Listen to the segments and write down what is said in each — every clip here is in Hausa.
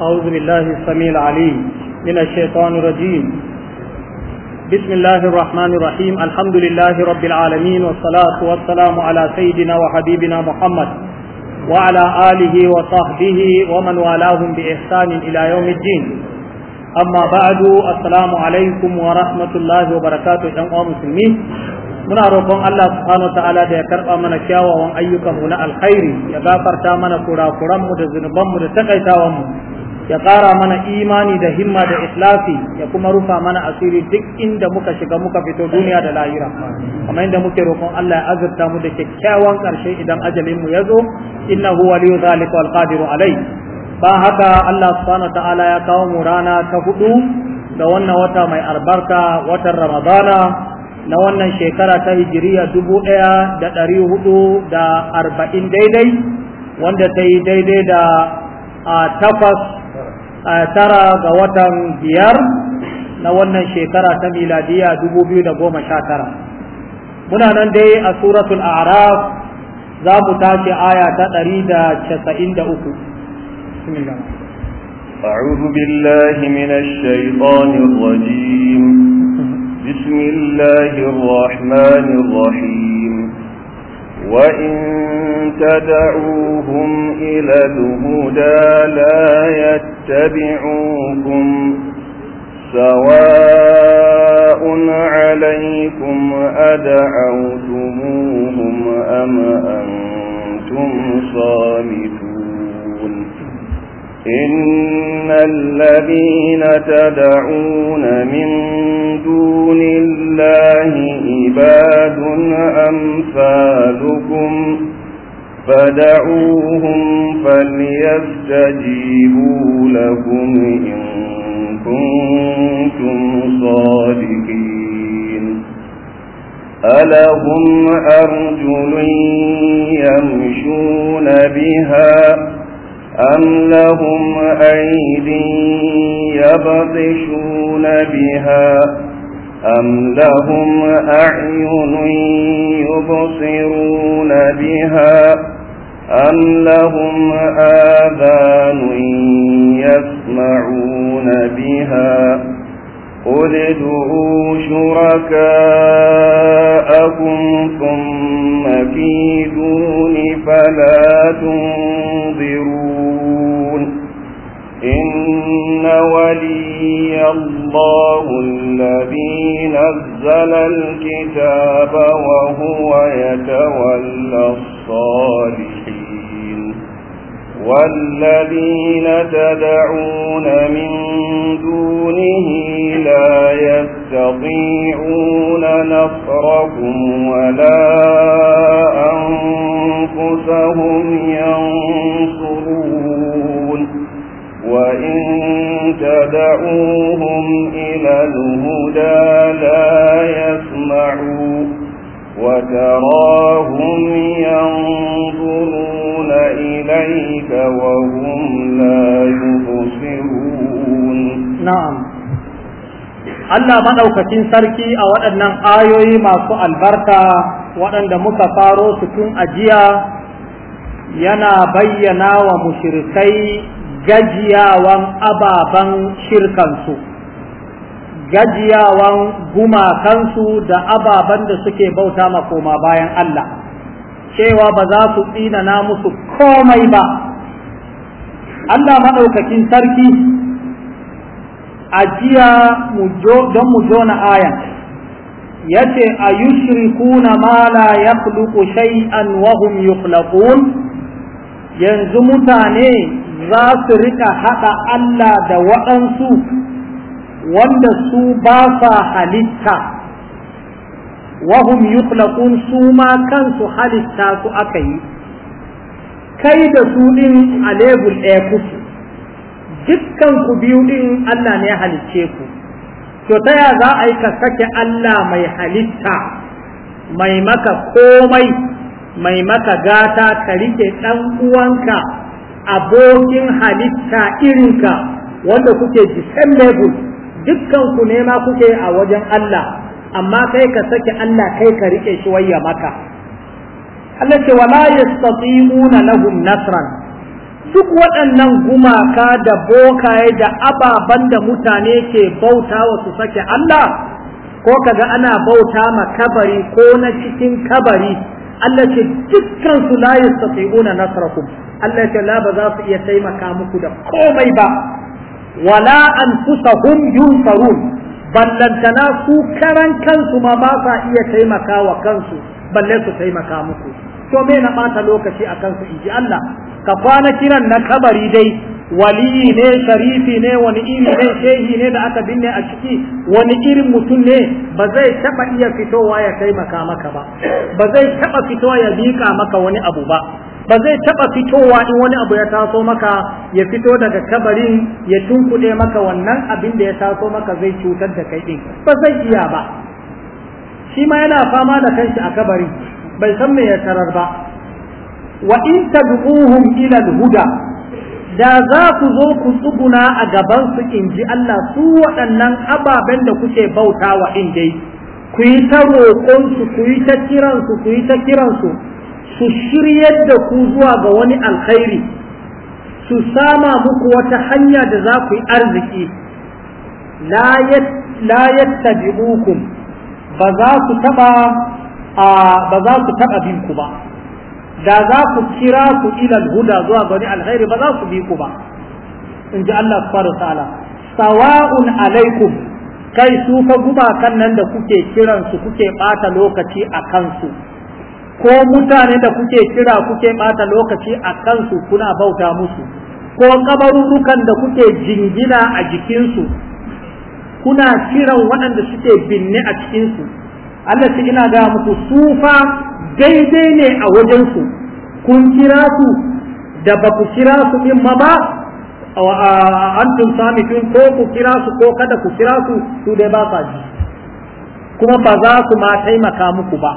أعوذ بالله السميع العليم من الشيطان الرجيم بسم الله الرحمن الرحيم الحمد لله رب العالمين والصلاة والسلام على سيدنا وحبيبنا محمد وعلى آله وصحبه ومن والاهم بإحسان إلى يوم الدين أما بعد السلام عليكم ورحمة الله وبركاته جمع مسلمين muna roƙon Allah subhanahu ta'ala da من karɓa وأن kyawawan هنا الخير alkhairi ya gafarta كورا kurakuranmu da zunubanmu da takaitawanmu ya ƙara mana imani da himma da ikhlasi ya kuma rufa mana asiri duk inda muka shiga muka fito duniya da lahira kamar inda muke roƙon Allah ya azurta mu da kyakkyawan ƙarshe idan ajalin mu ya zo huwa waliyu zalika wal qadiru alai ba haka Allah subhanahu ta'ala ya kawo mu rana ta hudu da wannan wata mai albarka watan Ramadana na wannan shekara ta hijiriya dubu ɗaya da ɗari hudu da arba'in daidai wanda ta yi daidai da a takwas a tara ga watan biyar na wannan shekara ta miladiya dubu biyu da goma sha tara muna nan dai a suratul araf za mu tashi aya ta ɗari da casa'in da uku أعوذ بالله من الشيطان الرجيم بسم الله الرحمن الرحيم وإن تدعوهم إلى الهدى لا يتبعوكم سواء عليكم أدعوتموهم أم أنتم صامتون إن الذين تدعون من دون أمثالكم فدعوهم فليستجيبوا لكم إن كنتم صادقين ألهم أرجل يمشون بها أم لهم أيد يبطشون بها أم لهم أعين يبصرون بها أم لهم آذان يسمعون بها قل ادعوا شركاءكم ثم كيدون فلا تنظرون إن ولي الله الذي نزل الكتاب وهو يتولى الصالحين والذين تدعون من دونه لا يستطيعون نصركم ولا أنفسهم ينصرون وإن تدعوهم إلى الهدى لا يسمعوا وتراهم ينظرون إليك وهم لا يبصرون نعم Allah maɗaukacin sarki a waɗannan ayoyi masu albarka waɗanda muka faro su tun ajiya yana bayyana wa mushirikai gajiyawan ababen shirkansu gajiyawan gumakansu da ababen da suke bauta ma koma bayan Allah cewa ba za su tsinana musu komai ba Allah maɗaukakin sarki ajiya don mu zo na ayan Ya ce a shirku na mala ya kuluku wa hum yukhlaqun yanzu mutane za su rika haɗa Allah da waɗansu wanda su ba sa halitta wahum yukhlaqun su ma kansu halitta su aka yi kai da su ɗin a lebul ɗaya kusu dukkan ku biyu ɗin Allah ne halicce ku to ta za a yi ka sake Allah mai halitta mai maka komai mai maka gata ka rike ɗan uwanka abokin halitta irinka wanda kuke disable dukkan ku nema kuke a wajen Allah amma kai ka sake Allah kai ka rike shi wayya maka Allah ce wala yastati'una lahum nasran duk waɗannan gumaka da bokaye da ababan da mutane ke bauta wa su sake Allah ko kaga ana bauta ma kabari ko na cikin kabari Allah ce dukkan su la yastati'una nasrakum Allah ce la ba za su iya taimaka muku da komai ba wala anfusahum yunsarun ballantana su karan kansu ma ba sa iya taimaka wa kansu balle su taimaka muku to me na ɓata lokaci akan su inji Allah ka kwana kiran na kabari dai Wali ne sharifi ne wani iri ne shehi ne da aka binne a ciki wani irin mutum ne ba zai taba iya fitowa ya taimaka maka ba ba zai taba fitowa ya liƙa maka wani abu ba ba zai taba fitowa in wani abu ya taso maka ya fito daga kabarin ya tunkuɗe maka wannan abin da ya taso maka zai cutar da kai din ba zai iya ba shi ma yana fama da kanshi a kabari bai san me ya tarar ba wa in tad'uhum ila al-huda da za ku zo ku tsuguna a gabansu in ji Allah su waɗannan ababen da kuke bauta wa in dai ku yi ta roƙonsu ku yi ta kiransu ku yi ta kiransu su shiryar da ku zuwa ga wani alkhairi su sama muku wata hanya da za ku yi arziki la yatta ba za su taɓa ba za ku taɓa binku ba da za ku kira ku ilal huda zuwa gani alkhairi ba za ku bi ku ba in ji Allah subhanahu ta'ala sawa'un alaikum kai su fa gumakan nan da kuke kiran su kuke bata lokaci a kansu ko mutane da kuke kira kuke bata lokaci a kansu kuna bauta musu ko kabarurrukan da kuke jingina a jikinsu kuna kiran waɗanda suke binne a cikinsu Allah ina ga muku sufa daidai ne a wajensu kun kira su da ba ku kira su in ma ba an tun sami tun ko ku kira su ko kada ku kira su su dai ba sa ji kuma ba za su ma taimaka muku ba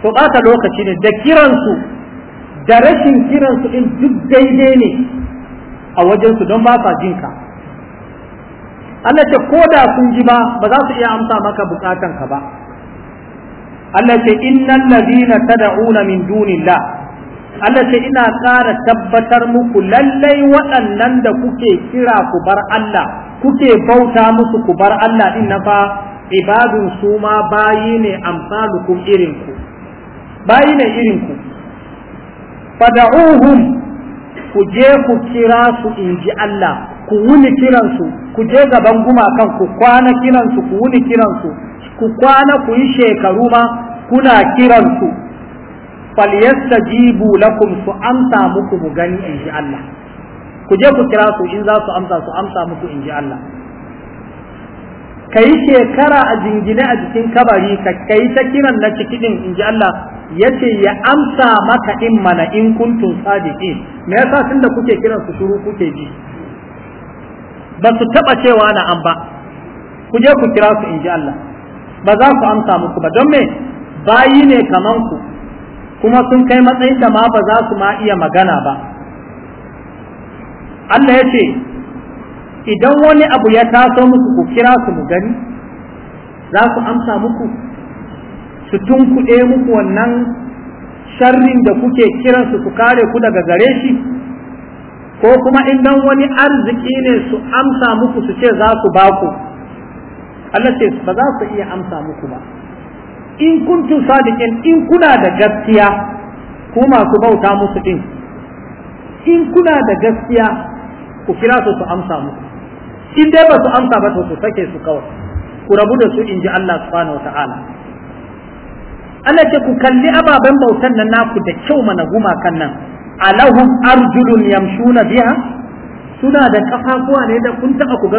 to ɓata lokaci ne da kiransu da rashin kiransu in duk daidai ne a wajensu don ba sa jinka Allah ce ko da sun ji ba ba za su iya amsa maka bukatanka ba Allah ce innal ladina tad'una min dunillah Allah ce ina ƙara tabbatar muku lallai waɗannan da kuke kira ku bar Allah kuke bauta musu ku bar Allah din na fa ibadun su ma bayi ne amsalukum irin ku bayi ne irin ku fad'uhum ku je ku kira su inji Allah ku wuni kiransu ku je gaban gumakan ku kwana kiransu ku wuni kiransu ku kwana ku yi shekaru ma kuna kiransu falyastajibu lakum su amsa muku mu gani in ji Allah ku je ku kira su in za su amsa su amsa muku in ji Allah ka yi shekara a jingine a jikin kabari ka kai ta kiran na ciki din in ji Allah ya ce ya amsa maka in mana in kuntun sadiqin me yasa tunda kuke kiran su shuru kuke ji ba su taba cewa na an ba ku je ku kira su in ji Allah ba za ku amsa muku ba don me bayi ne kaman ku kuma sun kai matsayin da ma ba za su ma iya magana ba Allah ya ce idan wani abu ya taso muku ku kira su mu gani za ku amsa muku su tunkuɗe muku wannan sharrin da kuke kiransu su kare ku daga gare shi ko kuma idan wani arziki ne su amsa muku su ce za su baku Allah ce ba za su iya amsa muku ba in kuntum sadiqin in kuna da gaskiya ko masu bauta musu din in kuna da gaskiya ku kira su su amsa muku in dai ba su amsa ba to su sake su kawai ku rabu da su in ji Allah subhanahu wataala Allah ce ku kalli ababen bautan nan naku da kyau mana gumakan nan alahum arjulun yamshuna biha suna da kafafuwa ne da kun taba ku ga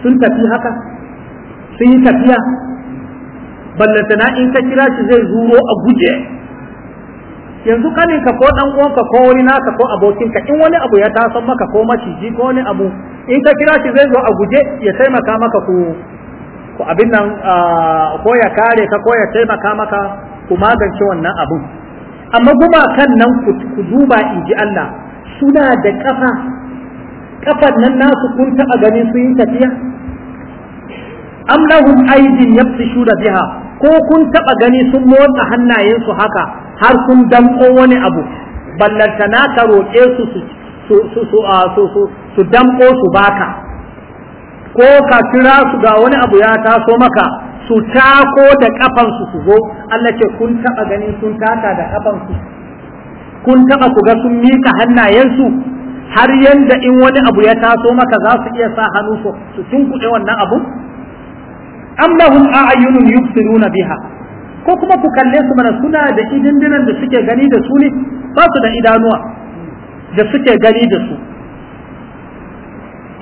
sun tafi haka sun yi tafiya ballantana in ka kira shi zai zuro a guje yanzu kaninka ko dan uwanka ko wani naka ko abokinka in wani abu ya taso maka ko maciji ko wani abu in ka kira shi zai zo a guje ya taimaka maka ku ku abin nan ko ya kare ka ko ya taimaka maka ku magance wannan abun amma kan nan ku duba ji Allah suna da kafa kafan nan nasu kun taɓa ganin sun yi tafiya am lahum aydin yabtishuna biha ko kun taba gani sun motsa hannayensu haka har kun danko wani abu ballantana ka roƙe su su su su su damko su baka ko ka kira su ga wani abu ya taso maka su tako da kafan su zo Allah ce kun taba gani sun taka da su kun taba ku ga sun mika hannayensu har yanda in wani abu ya taso maka za su iya sa hannu su tunkuɗe wannan abu am lahum a'yunun yubsiruna biha ko kuma ku kalle su mana suna da idindinan da suke gani da su ne ba su da idanuwa da suke gani da su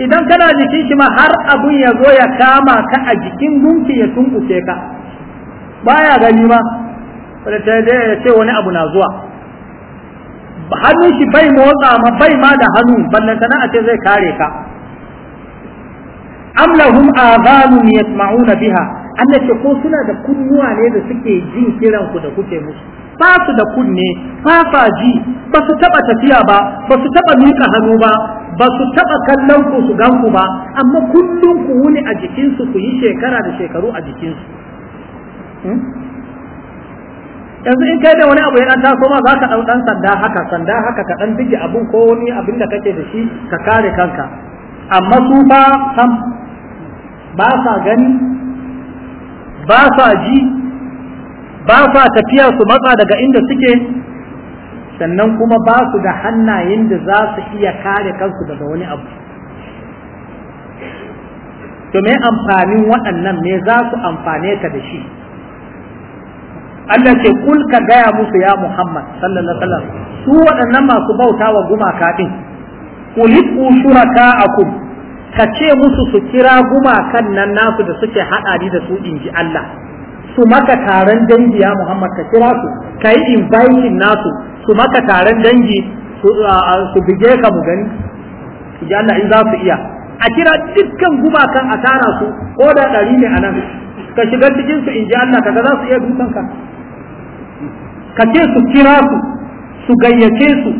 idan kana jikin shi ma har abun ya zo ya kama ka a jikin gunki ya tunkuke ka baya gani ma da ya ce wani abu na zuwa hannun shi bai motsa ma bai ma da hannu ballantana a ce zai kare ka am lahum adhanun yasma'una biha Allah ce ko suna da kunnuwa ne da suke jin kiran ku da kuke musu ba su da kunne ba fa ji ba su taba tafiya ba ba su taba miƙa hannu ba ba su taba kallon ku su gan ku ba amma kullum ku wuni a jikinsu ku yi shekara da shekaru a jikinsu hmm? yanzu in kai da wani abu yana taso ma za ka ɗau sanda haka sanda haka ka ɗan bige abin ko wani abin da kake da shi ka kare kanka amma su fa ba sa gani ba sa ji ba sa tafiya su matsa daga inda suke sannan kuma ba su da hannayen da za su iya kare kansu daga wani abu to me amfanin waɗannan me za su amfane ka da shi Allah ce kul ka gaya musu ya Muhammad sallallahu alaihi wasallam su waɗannan masu bauta wa gumaka din kuliku shuraka'akum ka ce musu su kira gumakan nan nasu da suke haɗari da su in ji Allah su maka taron dangi ya Muhammad ka kira su ka yi inviting nasu su maka taron dangi su bige ka mu gani ji Allah in za su iya a kira dukkan gumakan a tara su ko da ɗari ne a nan ka shiga cikin su in ji Allah kaga za su iya dukan ka ka ce su kira su su gayyace su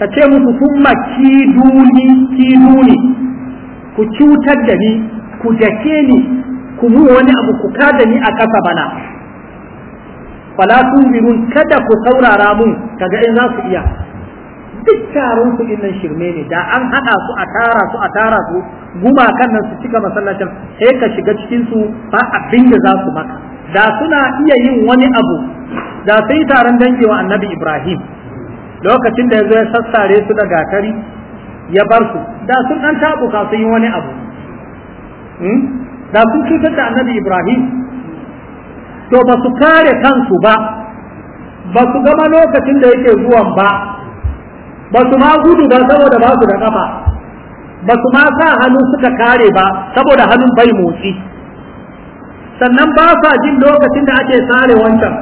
ka ce musu summa kiduni kiduni ku cutar da ni ku jake ni ku mu wani abu ku kada ni a kasa bana fala birun kada ku saurara mun kaga in za su iya duk taron su nan shirme ne da an haɗa su a tara su a tara su guma kan nan su cika masallacin sai ka shiga cikin su ba abin da za su maka da suna iya yin wani abu da sai taron dangewa annabi Ibrahim lokacin da ya zo ya sassare su da gatari ya bar su da sun dan ka sun yi wani abu hmm? da sun cutar da annabi ibrahim to ba su kare kansu ba ba su gama lokacin da yake zuwan ba ba su ma gudu ba saboda ba su da kafa ba su ma sa hannu suka kare ba saboda hannun bai motsi sannan ba sa jin lokacin da ake sare wancan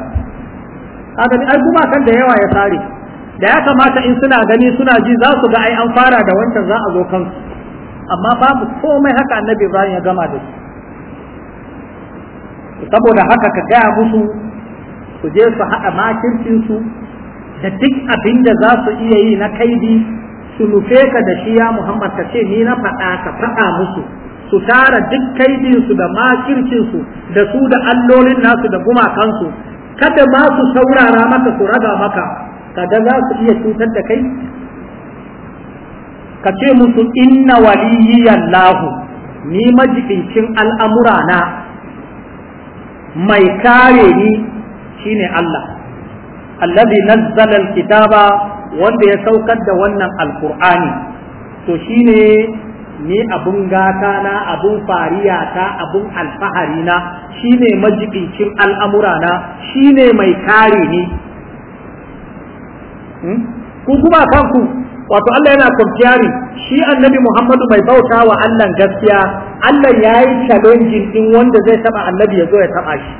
kaga ai kuma kan da yawa ya sare da ya kamata in suna gani suna ji za su ga ai an fara da wancan za a zo kansu amma babu komai haka annabi Ibrahim ya gama da su saboda haka ka gaya musu su je su haɗa su, da duk abin da za su iya yi na kaidi su nufe ka da shi ya Muhammad ka ce ni na faɗa ka faɗa musu su tara duk kaidinsu da su da su da allolin nasu da gumakansu kada ma su saurara maka su raga maka kada za su iya cutar da kai ka ce musu inna waliyyan lahu ni majikincin al'amura na mai kare ni shine Allah allazi nazzala alkitaba wanda ya saukar da wannan alkur'ani to shine ni abun gata na abun fariya ta abun alfahari na shine majikincin al'amura na shine mai kare ni Hmm? ku kuma kanku wato Allah yana kwamfiyari shi annabi Muhammadu mai bauta wa Allah gaskiya Allah ya yi challenging din wanda zai taba annabi ya zo ya taba shi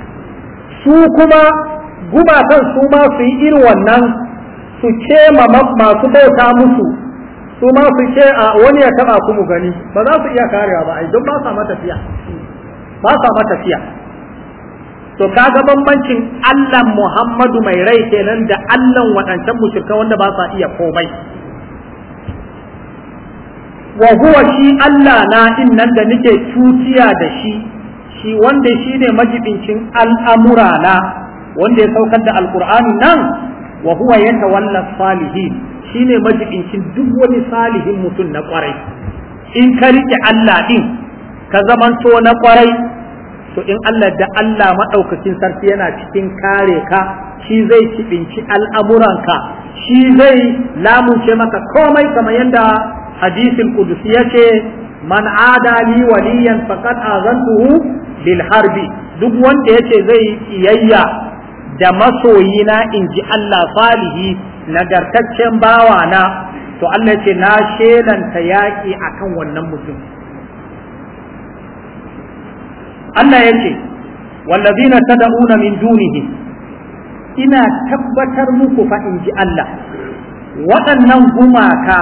su kuma gumakan su ma su yi irin wannan su ce masu bauta musu su ma su ce a wani ya taba ku mu gani ba za su iya karewa ba ai don ba sa matafiya ba sa matafiya to kaga bambancin Allah Muhammadu mai rai kenan da Allah waɗancan mushrikan wanda ba sa iya komai wa huwa shi Allah na innan da nake tutiya da shi shi wanda shi ne majibincin al'amura na wanda ya saukar da alkur'ani nan wa huwa yatawalla salihin shi ne majibincin duk wani salihin mutum na kwarai in ka riƙe Allah din ka zamanto na kwarai to in Allah da Allah maɗaukakin sarki yana cikin kare ka shi zai cibinci al'amuranka shi zai lamunce maka komai kamar yadda hadisin kudusi ya ce man adali waliyan faqad azantuhu bil harbi duk wanda yace zai iyayya da masoyina in ji Allah salihi nagartaccen bawana to Allah yace na shelanta yaƙi akan wannan mutum Allah ya ce wallazina tad'una min dunihi ina tabbatar muku fa in ji Allah waɗannan gumaka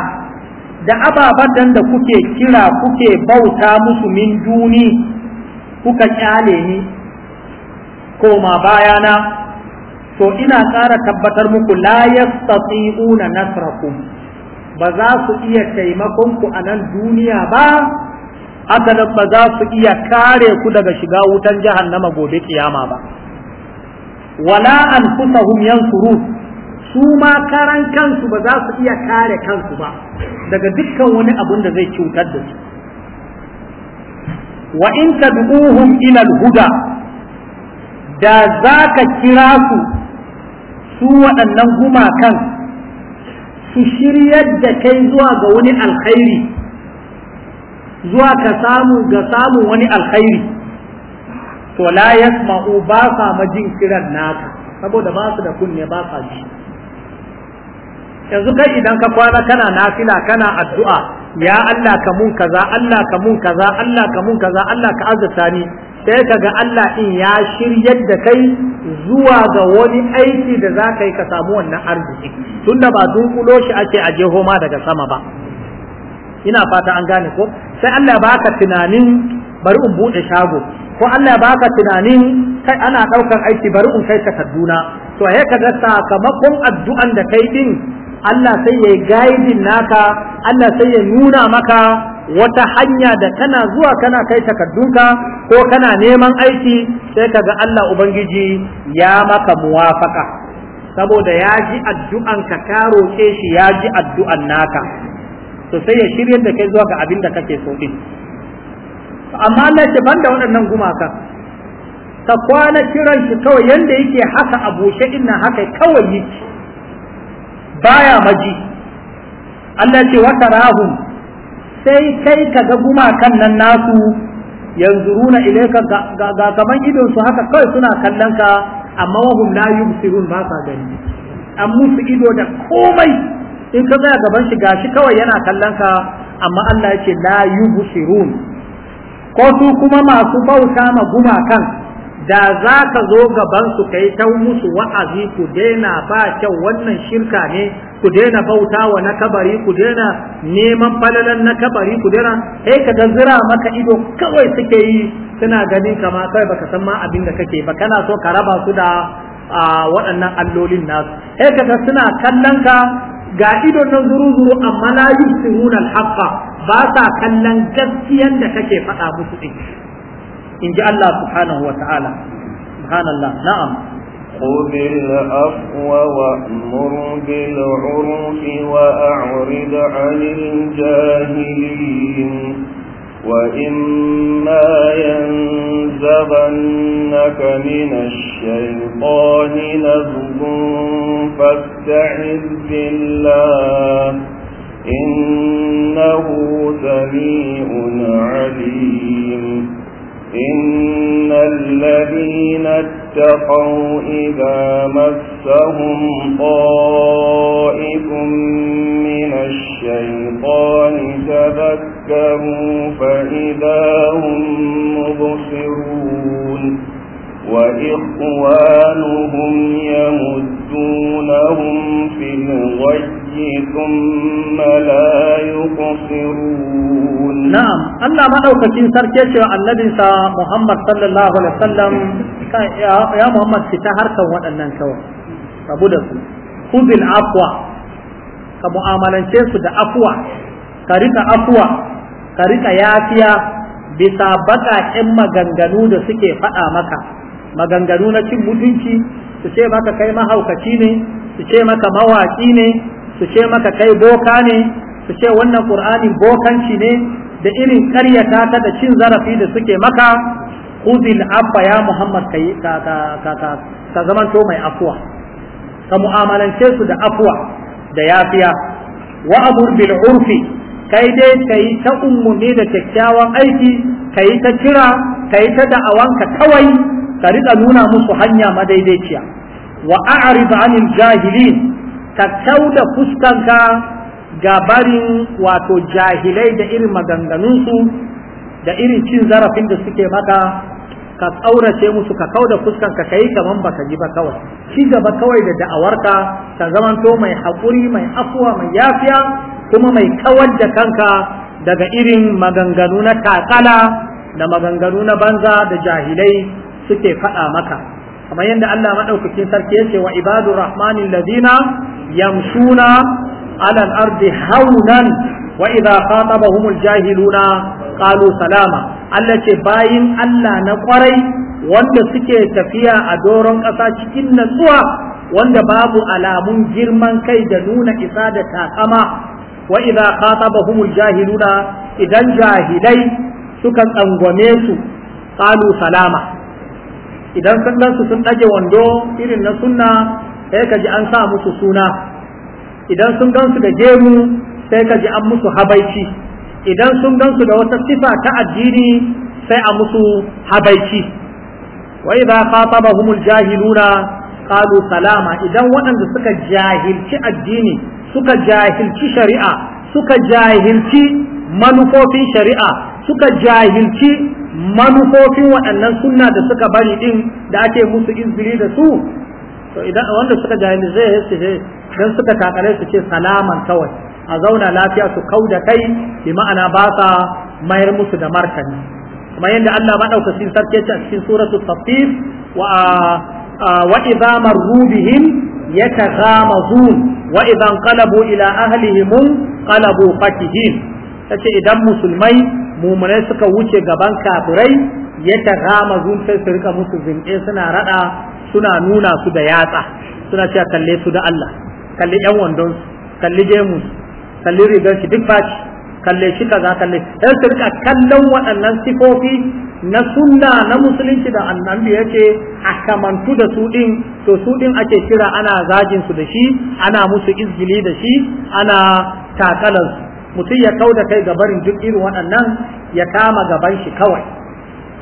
da ababen da kuke kira kuke bauta musu min duni kuka kyale ni koma bayana to ina ƙara tabbatar muku la yastati'una nasrakum ba za su iya taimakonku a nan duniya ba haka ba za su iya kare ku daga shiga wutan jahannama gobe kiyama ba wala an anfusahum yansurun su ma karan kansu ba za su iya kare kansu ba daga dukkan wani abun da zai cutar da su wa in tad'uhum ila huda da za ka kira su su waɗannan gumakan su shiryar da kai zuwa ga wani alkhairi zuwa ka samu ga samun wani alkhairi to la yasma'u ba sa majin kiran naka saboda ba su da kunne ba sa ji yanzu kai idan ka kwana kana nafila kana addu'a ya Allah ka mun kaza Allah ka mun kaza Allah ka mun kaza Allah ka azurta ni sai ka ga Allah in ya shiryar da kai zuwa ga wani aiki da za ka yi ka samu wannan arziki tunda ba dunkulo shi ake aje homa daga sama ba ina fata an gane ko sai Allah baka tunanin bari in bude shago ko Allah baka tunanin kai ana daukar aiki bari in kai ka Kaduna to he ka ga sakamakon addu'an da kai din Allah sai ya guiding naka Allah sai ya nuna maka wata hanya da kana zuwa kana kai takardunka ko kana neman aiki sai kaga Allah ubangiji ya maka muwafaka saboda ya ji addu'anka ka ke shi ya ji addu'an naka to sai ya shiryar da kai zuwa ga abin da kake so din amma Allah ce banda waɗannan gumakan ta kwana kiran shi kawai yanda yake haka a bushe inna haka kawai yake baya maji Allah ce wa tarahum sai kai ka ga gumakan nan nasu yanzuruna ilayka ga kaman idon su haka kawai suna kallon ka amma wahum la yubsirun ba sa gani an musu ido da komai in ka tsaya gaban shi gashi kawai yana kallon ka amma Allah ya ce la yubsirun ko su kuma masu bauta ma gumakan da za ka zo gaban su kai ta musu wa'azi ku daina ba kyau wannan shirka ne ku daina bauta wa na kabari ku daina neman falalan na kabari ku daina sai ka zira maka ido kawai suke yi suna gani kama kai baka san ma abin da kake ba kana so ka raba su da waɗannan allolin nasu sai ka suna kallon ka ga ido na zuru-zuru amma la yusirun al-haqqa ba sa kallon gaskiyan da kake faɗa musu din in ji Allah subhanahu wa ta'ala subhanallah na'am قل العفو وأمر بالعرف وأعرض عن الجاهلين وإما ينزغنك من الشيطان نزغ فاستعذ بالله إنه سميع عليم إن الذين اتقوا إذا مسهم طائف من الشيطان تذكروا فإذا هم مبصرون وإخوانهم يمدونهم في الغي Na’am, Allah maɗaukacin sarki cewa annabinsa Muhammad sallallahu Alaihi wasallam ya Muhammad fita harkar waɗannan kawo, rabu da su, ku bil afuwa, ka mu'amalance su da afuwa, ka rika afuwa, ka rika yafiya bisa baƙaƙen maganganu da suke faɗa maka, maganganu na cin mutunci su ce maka kai mahaukaci ne, su ce maka mawaki ne. su ce maka kai boka ne su ce wannan qur'ani bokanci ne da irin karyata ta da cin zarafi da suke maka khudil Abba ya muhammad ka ka ka ka zamanto mai afuwa ka mu'amalance su da afuwa da yafiya wa abur bil urfi kai dai kai ta ummuni da kyakkyawan aiki kai ta kira kai ta da'awanka kawai ka rika nuna musu hanya madaidaiciya wa a'rid anil jahilin ka fuskan fuskanka ga barin wato jahilai da irin maganganunsu da irin cin zarafin da suke maka ka tsaurace musu ka da fuskanka ka yi kaman baka ji ba kawai ci gaba kawai da da'awarka ka zamanto mai haƙuri mai afuwa mai yafiya kuma mai kawar da kanka daga irin maganganu na takala da maganganu na banza da jahilai suke faɗa maka kamar yadda Allah maɗaukakin sarki yace wa ibadu rahmanil ladina yamshuna ala al-ardi haunan wa idza khatabahumul jahiluna qalu salama Allah ce bayin Allah na kwarai wanda suke tafiya a doron ƙasa cikin natsuwa wanda babu alamun girman kai da nuna isa da takama wa idza khatabahumul jahiluna idan jahilai suka tsangwame su qalu salama idan sun su sun ɗage wando irin na sunna sai ka ji an sa musu suna idan sun gansu da gemu sai ka ji an musu habaici idan sun gansu da wata sifa ta addini sai a musu habaici wa idza khatabahum jahiluna qalu salama idan waɗanda suka jahilci addini suka jahilci shari'a suka jahilci manufofin shari'a suka jahilci manufofin waɗannan sunna da suka bari din da ake musu izini da su to idan wanda suka jahili zai yi su dan suka takare su ce salaman kawai a zauna lafiya su kau da kai bi ma'ana ba sa mayar musu da martani kuma yadda Allah madaukakin sarki ta cikin suratul tafsir wa wa idza marru bihim yataghamazun wa idza qalabu ila ahlihim qalabu fakihin tace idan musulmai mumunai suka wuce gaban kafirai ya ta gama zuntar su rika musu zinke suna rada suna nuna su da yatsa suna cewa kalle su da Allah kalli yan wandon su kalli gemus kalli rigar shi duk fashi kalle shi kaza kalle sai su rika kallon waɗannan sifofi na sunna na musulunci da annabi ya ce a kamantu da su din to su din ake kira ana zagin su da shi ana musu izgili da shi ana takalan su mutum ya taudatai kai ga duk irin waɗannan ya kama gaban shi kawai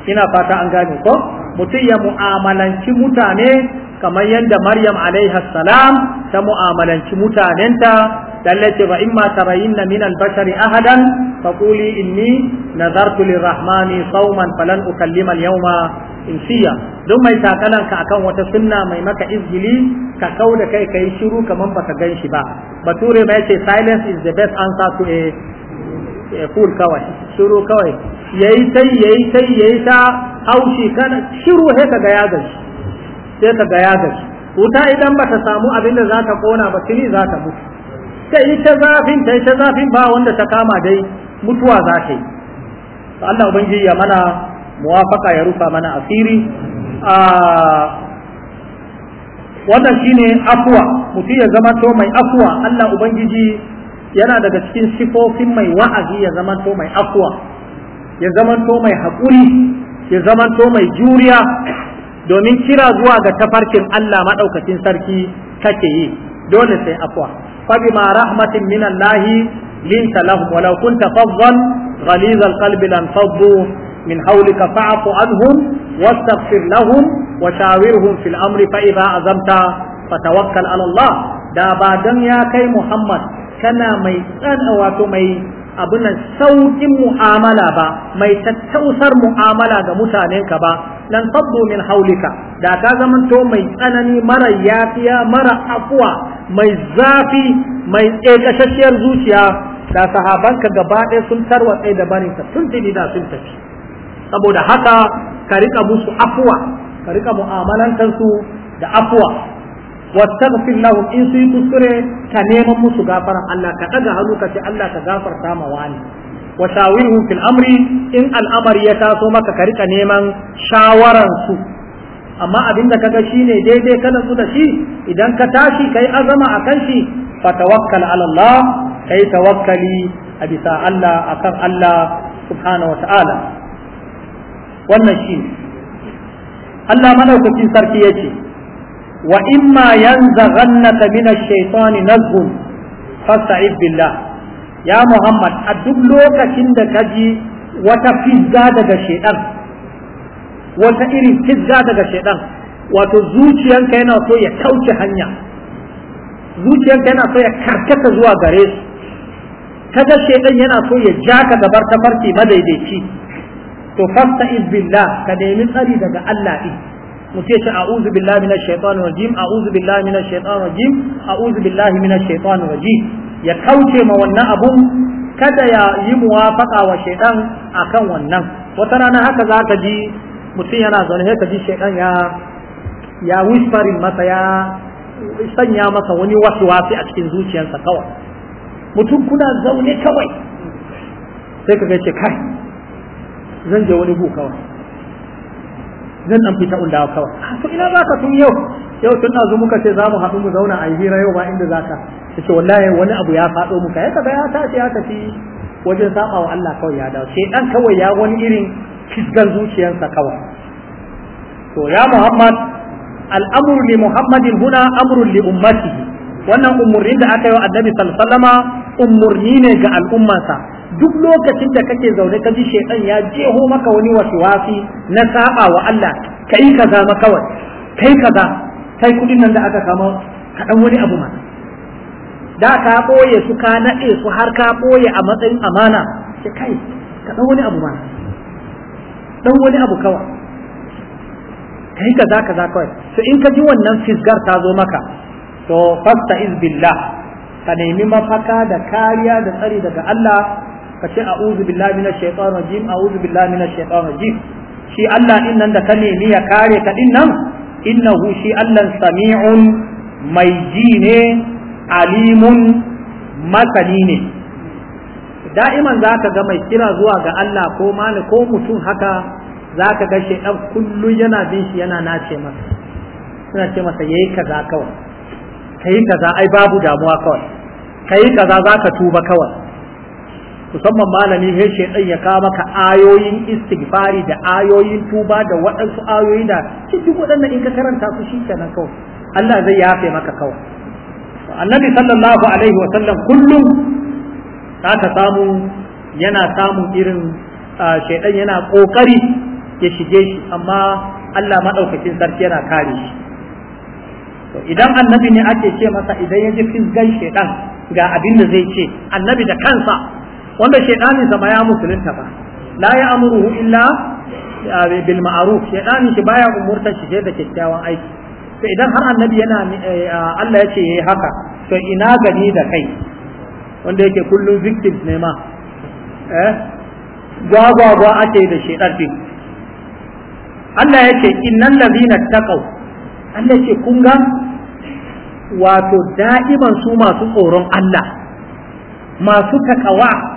ina fata an gane ko mutum ya mu'amalanci mutane kamar yadda Maryam alaiha salam ta mu'amalanci mutanenta lalle ce ba imma tarayinna min al-bashari ahadan Faƙuli inni nazartu lirrahmani sauman falan ukallima ma yawma insiya don mai takalanka akan wata sunna mai maka izgili ka kau da kai kai shiru kamar baka gan shi ba bature mai ce silence is the best answer to a kul kawai shiru kawai yayi tai yayi tai yayi ta haushi kana shiru he kaga ya gaji sai kaga ya gaji wuta idan bata samu abin da za ta kona ba tuni za ta mutu sai ita zafin ta ita zafin ba wanda ta kama dai mutuwa za ta yi Allah ubangiji ya mana muwafaka ya rufa mana asiri a wannan shine afuwa mutum ya zama to mai afuwa Allah ubangiji yana daga cikin sifofin mai wa'azi ya zamanto mai afuwa ya zamanto mai haƙuri ya zamanto mai juriya domin kira zuwa ga tafarkin Allah maɗaukacin sarki take yi dole sai afuwa fabi ma rahmatin min Allah linta lahum wa law kunta fazzan ghaliz al-qalb lan faddu min hawlika fa'fu anhum wastaghfir lahum wa shawirhum fil amri fa idha azamta fatawakkal ala Allah da ba dan ya kai Muhammad kana mai tsana wato mai abin saukin mu'amala ba mai tattausar mu'amala ga mutanenka ba lan faddu min haulika da ka zamanto mai tsanani mara yafiya mara afuwa mai zafi mai tsekashashiyar zuciya da sahabanka gaba ɗaya sun tarwatse da barinka sun tuni da sun tafi saboda haka ka rika musu afuwa ka rika mu'amalantar su da afuwa wastaghfir lahu in sun kuskure ka neman musu gafaran Allah ka daga hannu ka ce Allah ka gafarta ma wani wa shawirhum fil in al'amari ya taso maka ka rika neman shawaran su amma abin da kaga shine daidai ka su da shi idan ka tashi kai azama akan shi fa tawakkal ala Allah kai tawakkali a bisa Allah akan Allah subhanahu wa ta'ala wannan shi Allah madaukakin sarki yace wa imma yanzaghannaka min ash-shaytani nazghun fasta'id billah ya muhammad a duk lokacin da kaji wata fizza daga shaytan wata irin fizza daga shaytan wato zuciyanka yana so ya kauce hanya zuciyanka zuwa gare su kaga shaytan yana so ya ka gabar farfi madaidaici to fasta'id ka nemi tsari daga Allah din Mu ce a'udhu billahi minash shaitani rajim a'udhu billahi minash shaitani rajim a'udhu billahi minash shaitani rajim ya kauce ma wannan abun kada ya yi muwafaqa wa shaitan akan wannan wata rana haka za ka ji mutum yana zaune sai ka ji shaitan ya ya whispering masa ya sanya masa wani wasu wasi a cikin zuciyarsa kawai mutum kuna zaune kawai sai ka ga ce kai zan je wani gu kawai zan dan fita in dawo kawai ah, to ina baka tun yau yau tun nazo muka ce za mu haɗu mu zauna a hira yau ba inda zaka ka yace wallahi wani abu ya faɗo muka ya kaga ya tashi ya tafi wajen saba Allah kawai ya dawo dan kawai ya wani irin kisgan zuciyarsa kawai to ya Muhammad al'amru li Muhammadin huna amrun li ummatihi wannan umurni da aka yi wa Annabi sallallahu alaihi wasallama umurni ne ga al'ummarsa duk lokacin da kake zaune ka ji shaitan ya jeho maka wani wasi na saba wa Allah kai kaza ma kawai kai kaza kai kudin nan da aka kama ka dan wani abu ma da ka boye su ka nade su har ka boye a matsayin amana sai kai ka dan wani abu ma dan wani abu kawai kai kaza kaza kawai to in ka ji wannan fisgar ta zo maka to fasta iz billah ka nemi mafaka da kariya da tsari daga Allah ka ce a'udhu billahi minash shaitanir rajim a'udhu billahi minash shaitanir rajim shi Allah din nan da ka nemi ya kare ka din nan innahu shi Allah sami'un mai ji ne alimun masani ne da'iman za ka ga mai kira zuwa ga Allah ko mali ko mutum haka za ka shi dan kullu yana bin shi yana nace masa suna ce masa yayi kaza kawai kai kaza ai babu damuwa kawai kai kaza za ka tuba kawai musamman malami he shedan ya kawo maka ayoyin istighfari da ayoyin tuba da waɗansu ayoyi da cikin waɗannan in ka karanta su kenan kawai Allah zai yafe maka kawai annabi sallallahu alaihi wa sallam kullum ka samu yana samun irin shedan yana kokari ya shige shi amma Allah madaukakin sarki yana kare shi idan annabi ne ake ce masa idan ya ji fisgan shedan ga abin da zai ce annabi da kansa wanda shaydanin zama ya musulunta ba la amuruhu illa ah, bil ma'ruf shaydanin shi baya umurtar shi da kyakkyawan aiki to idan har annabi yana eh, ah, Allah ya ce yayi haka to ina gani da kai wanda yake kullum victims ne ma eh gwagwagwa ake da shaydan din Allah ya ce innal ladina taqaw Allah ce kun ga wato da'iban su masu tsoron Allah masu takawa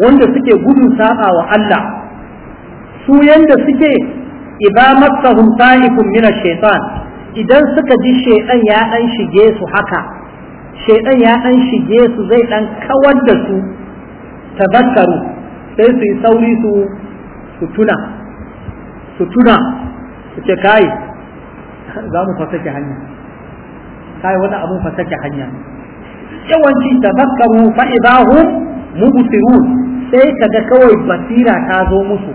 wanda suke gudun sa'a wa Allah su yanda suke iba massahum ta'ifun min ash idan suka ji shaytan ya dan shige su haka shaytan ya dan shige su zai ɗan kawar da su tabakkaru sai su yi sauri su tuna su tuna su ce kai za mu fasake hanya kai wani abun fasake hanya yawanci tabakkaru fa idahum mubsirun sai ka ga kawai basira ta zo musu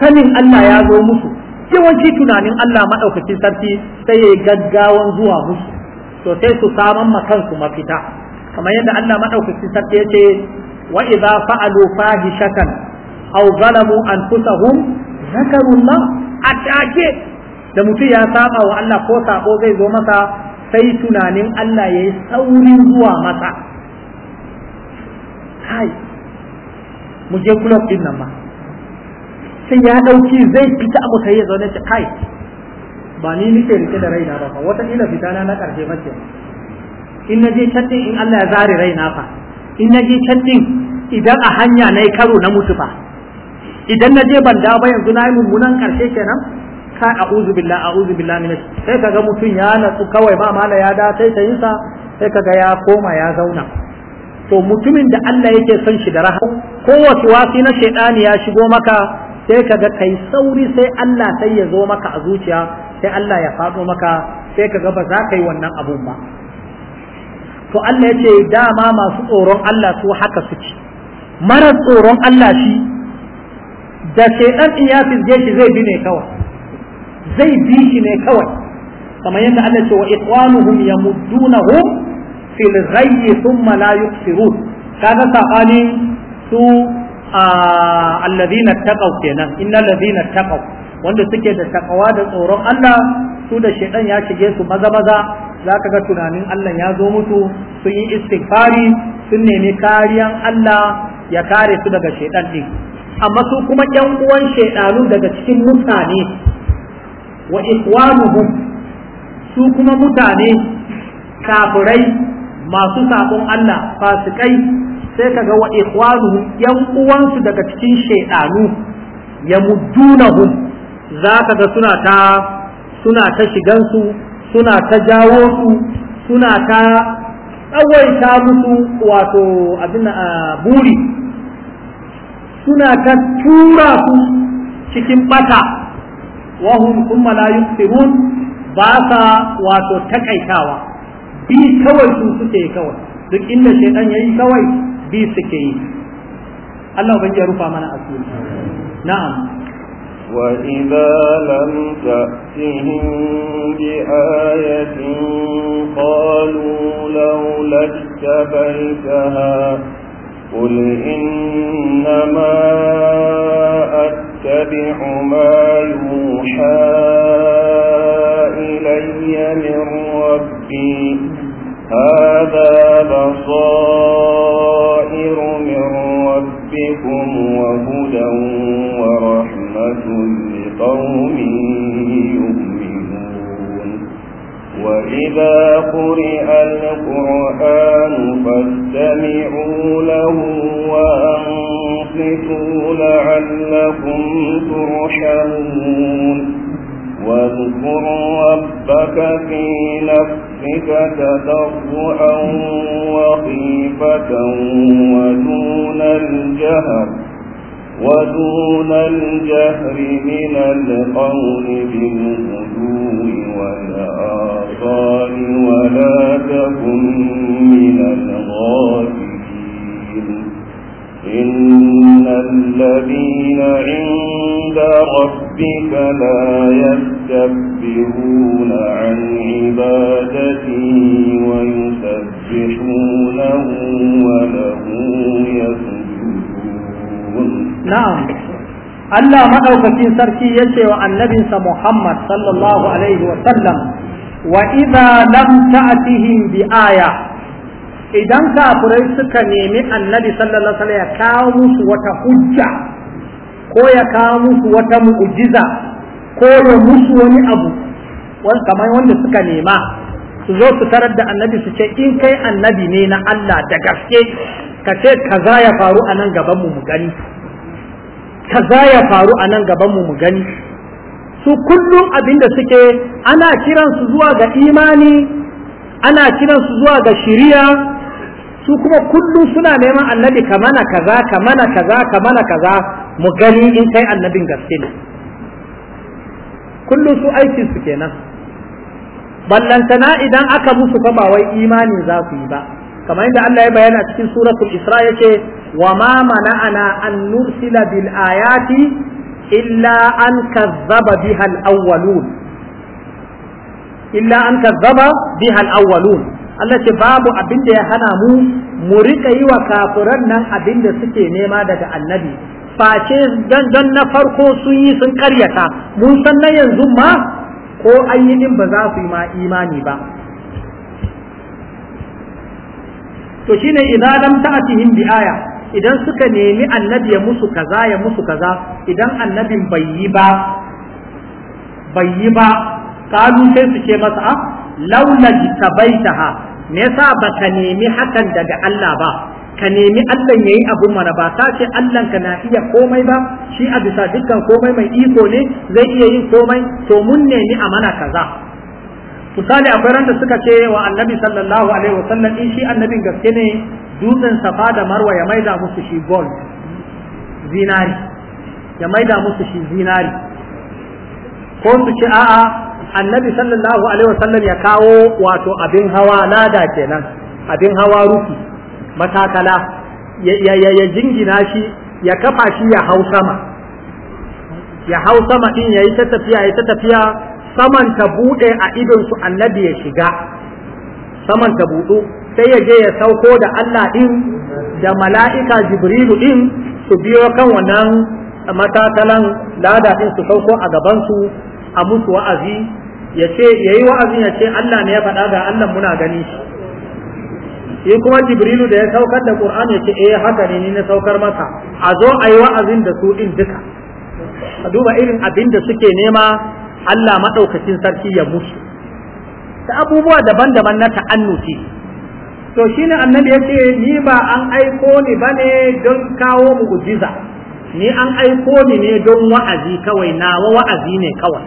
sanin Allah ya zo musu yawanci tunanin Allah maɗaukacin sarki sai ya gaggawan zuwa musu to sai su saman ma mafita kamar yadda Allah maɗaukacin sarki ya ce wa idza fa'alu fahishatan aw zalamu anfusahum zakarullah atake da mutum ya saba wa Allah ko sako zai zo masa sai tunanin Allah yayi saurin zuwa masa Hai, mu je club din nan ma sai ya dauki zai fita abu sai ya ne ce kai ba ni nake rike da raina ba fa wata ila fitana na karshe mace in na je in Allah ya zare raina fa in na je idan a hanya na yi karo na mutu fa idan na je ban dawo ba yanzu na yi mummunan karshe kenan ka a'udhu billahi a'udhu billahi minash sai kaga mutum ya natsu kawai ba mala ya da sai ta sa sai kaga ya koma ya zauna to mutumin da Allah yake son shi da rahama ko wasi na shaidani ya shigo maka sai kaga kai sauri sai Allah sai ya zo maka a zuciya sai Allah ya faɗo maka sai kaga ga ba za ka yi wannan abun ba to Allah ya ce dama masu tsoron Allah su haka suke mara tsoron Allah shi da shaidan in ya fizge shi zai bi ne kawai zai bi shi ne kawai kamar yadda Allah ce wa ikhwanuhum yamuddunahum fil ghayyi thumma la Ka kaga sabanin su a alladhina taqaw kenan innal ladhina taqaw wanda suke da takawa da tsoron Allah su da shaidan ya shige su maza maza zaka ga tunanin Allah ya zo mutu sun yi istighfari sun nemi kariyan Allah ya kare su daga shaidan din amma su kuma ƴan uwan shaidanu daga cikin mutane wa ikwanuhum su kuma mutane kafirai masu sabon Allah fasikai sai kaga wa ikhwanuhum yan uwansu daga cikin shaydanu yamuddunahum zaka ga suna ta suna ta shigan su suna ta jawo su suna ta tsawaita musu wato abin ah, buri suna ta tura su cikin bata wahum kuma la yusirun ba sa wato takaitawa bi kawai su suke kawai duk inda shaitan yayi kawai bi suke yi Allah ubangiji ya rufa mana asiri na'am وإذا لم تأتهم بآية قالوا لولا اتبعتها قل إنما أتبع ما يوحى إلي من ربي هذا بصائر من ربكم وهدى ورحمة لقوم يؤمنون وإذا قرئ القرآن فاستمعوا له وأنصتوا لعلكم ترحمون واذكروا ربك في نفسك ربك تضرعا وخيفة ودون الجهر ودون الجهر من القول بالغدو والآصال ولا تكن من الغافلين إن الذين عند ربك لا يستبرون عن عبادتي ويسبحونه وله يسجدون نعم ألا مدوك في سركية وأن نبي محمد صلى الله عليه وسلم وإذا لم تأتهم بآية idan kafirai suka nemi annabi sallallahu alaihi wasallam ya kawo musu wata hujja ko ya kawo musu wata mu'jiza ko ya musu wani abu kamar wanda suka nema su zo su tarar da annabi su ce in kai annabi ne na Allah da gaske ka ce kaza ya faru a nan gaban mu mu gani kaza ya faru a nan gaban mu mu gani su kullum abinda suke ana kiransu zuwa ga imani ana kiransu zuwa ga shiriya su kuma kullum suna neman annabi ka mana kaza ka mana kaza ka mana kaza mu gani in kai annabin gaske ne kullum su aikin su kenan ballantana idan aka musu fa ba wai imani za su yi ba kamar yadda Allah ya bayyana cikin suratul Isra yace wa ma mana'ana an nursila bil ayati illa an kazzaba biha al-awwalun illa an kazzaba biha al-awwalun Allah ce babu abin da ya hana mu mu rika yi wa kafiran nan abin da suke nema daga annabi face dan na farko sun yi sun karyata mun san na yanzu ma ko ayyukan ba za su yi ma imani ba to shine idan lam ta'tihim bi aya idan suka nemi annabi ya musu kaza ya musu kaza idan annabin bai yi ba bai yi ba kalu sai su ce masa a ah, laula tabaitaha me yasa ka nemi hakan daga Allah ba ka nemi Allah yayi abu mana ba ta ce Allah ka na iya komai ba shi a bisa dukkan komai mai iko ne zai iya yin komai to mun nemi mana kaza misali akwai randa suka ce wa annabi sallallahu alaihi wa sallam in shi annabin gaske ne dutsen safa da marwa ya maida musu shi gold zinari ya maida musu shi zinari ko su ce a'a annabi sallallahu alaihi wasallam ya kawo wato abin hawa lada kenan abin hawa rufi matakala ya jingina shi ya kafa shi ya hau sama ya hau sama din yayi ta tafiya yayi ta tafiya saman ta bude a idon su annabi ya shiga saman ta budo sai ya je ya sauko da Allah din da mala'ika Jibrilu din su biyo kan wannan matakalan lada din su sauko a gaban su a musu wa'azi ya ce ya yi wa'azin ya ce Allah ne ya faɗa ga Allah muna gani shi kuma Jibrilu da ya saukar da Qur'ani ya ce eh haka ne ni na saukar masa a zo a yi wa'azin da su din duka a duba irin abin da suke nema Allah maɗaukacin sarki ya musu Ta abubuwa daban-daban na ta'annuti to shi ne annabi ce ni ba an aiko ni ba ne don kawo ujiza ni an aiko ni ne don wa'azi kawai na wa'azi ne kawai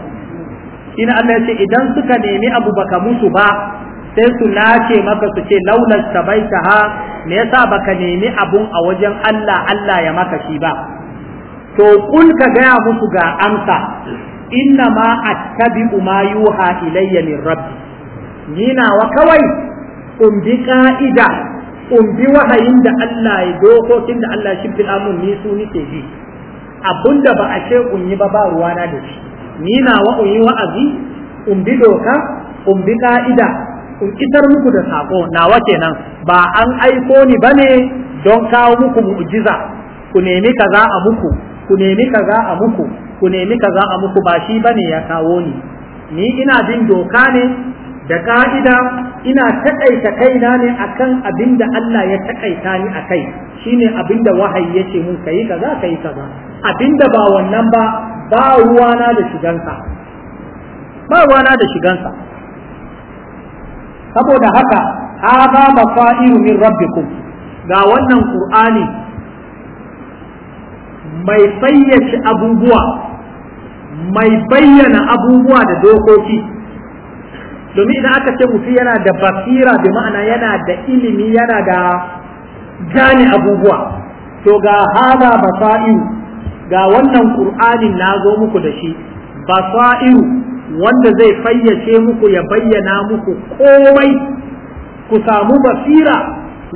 ina Allah ya ce idan suka nemi abu baka mutu ba sai su nace maka su ce laulas sabaita ha me yasa baka nemi abun a wajen Allah Allah ya maka shi ba to kul ka gaya musu ga amsa inna ma attabi'u ma yuha ilayya min rabbi ni nawa kawai umbi ka'ida bi wahayin da Allah ya dokokin da Allah shi fil amun ni su nike bi abunda ba a ce yi ba ba ruwana da shi ni na wa wa'azi in bi doka in bi ka'ida in isar muku da sako nawa kenan ba an aiko ni bane don kawo muku mu'jiza ku nemi kaza a muku ku nemi kaza a muku ku nemi kaza a muku ba shi bane ya kawo ni ni ina bin doka ne da ka'ida ina takaita kaina ne akan abin da Allah ya takaita ni akai shine abin da wahayi yake mun kai kaza kai kaza abin da ba wannan ba ba ruwana da shigansa ba ruwana da shigansa saboda haka hada mafairu min rabbikum ga wannan qur'ani mai fayyace abubuwa mai bayyana abubuwa da dokoki domin idan aka ce mutum yana da basira bi ma'ana yana da ilimi yana da gane abubuwa to ga hada basairu ga wannan qur'anin na zo muku da shi basairu wanda zai fayyace muku ya bayyana muku komai ku samu basira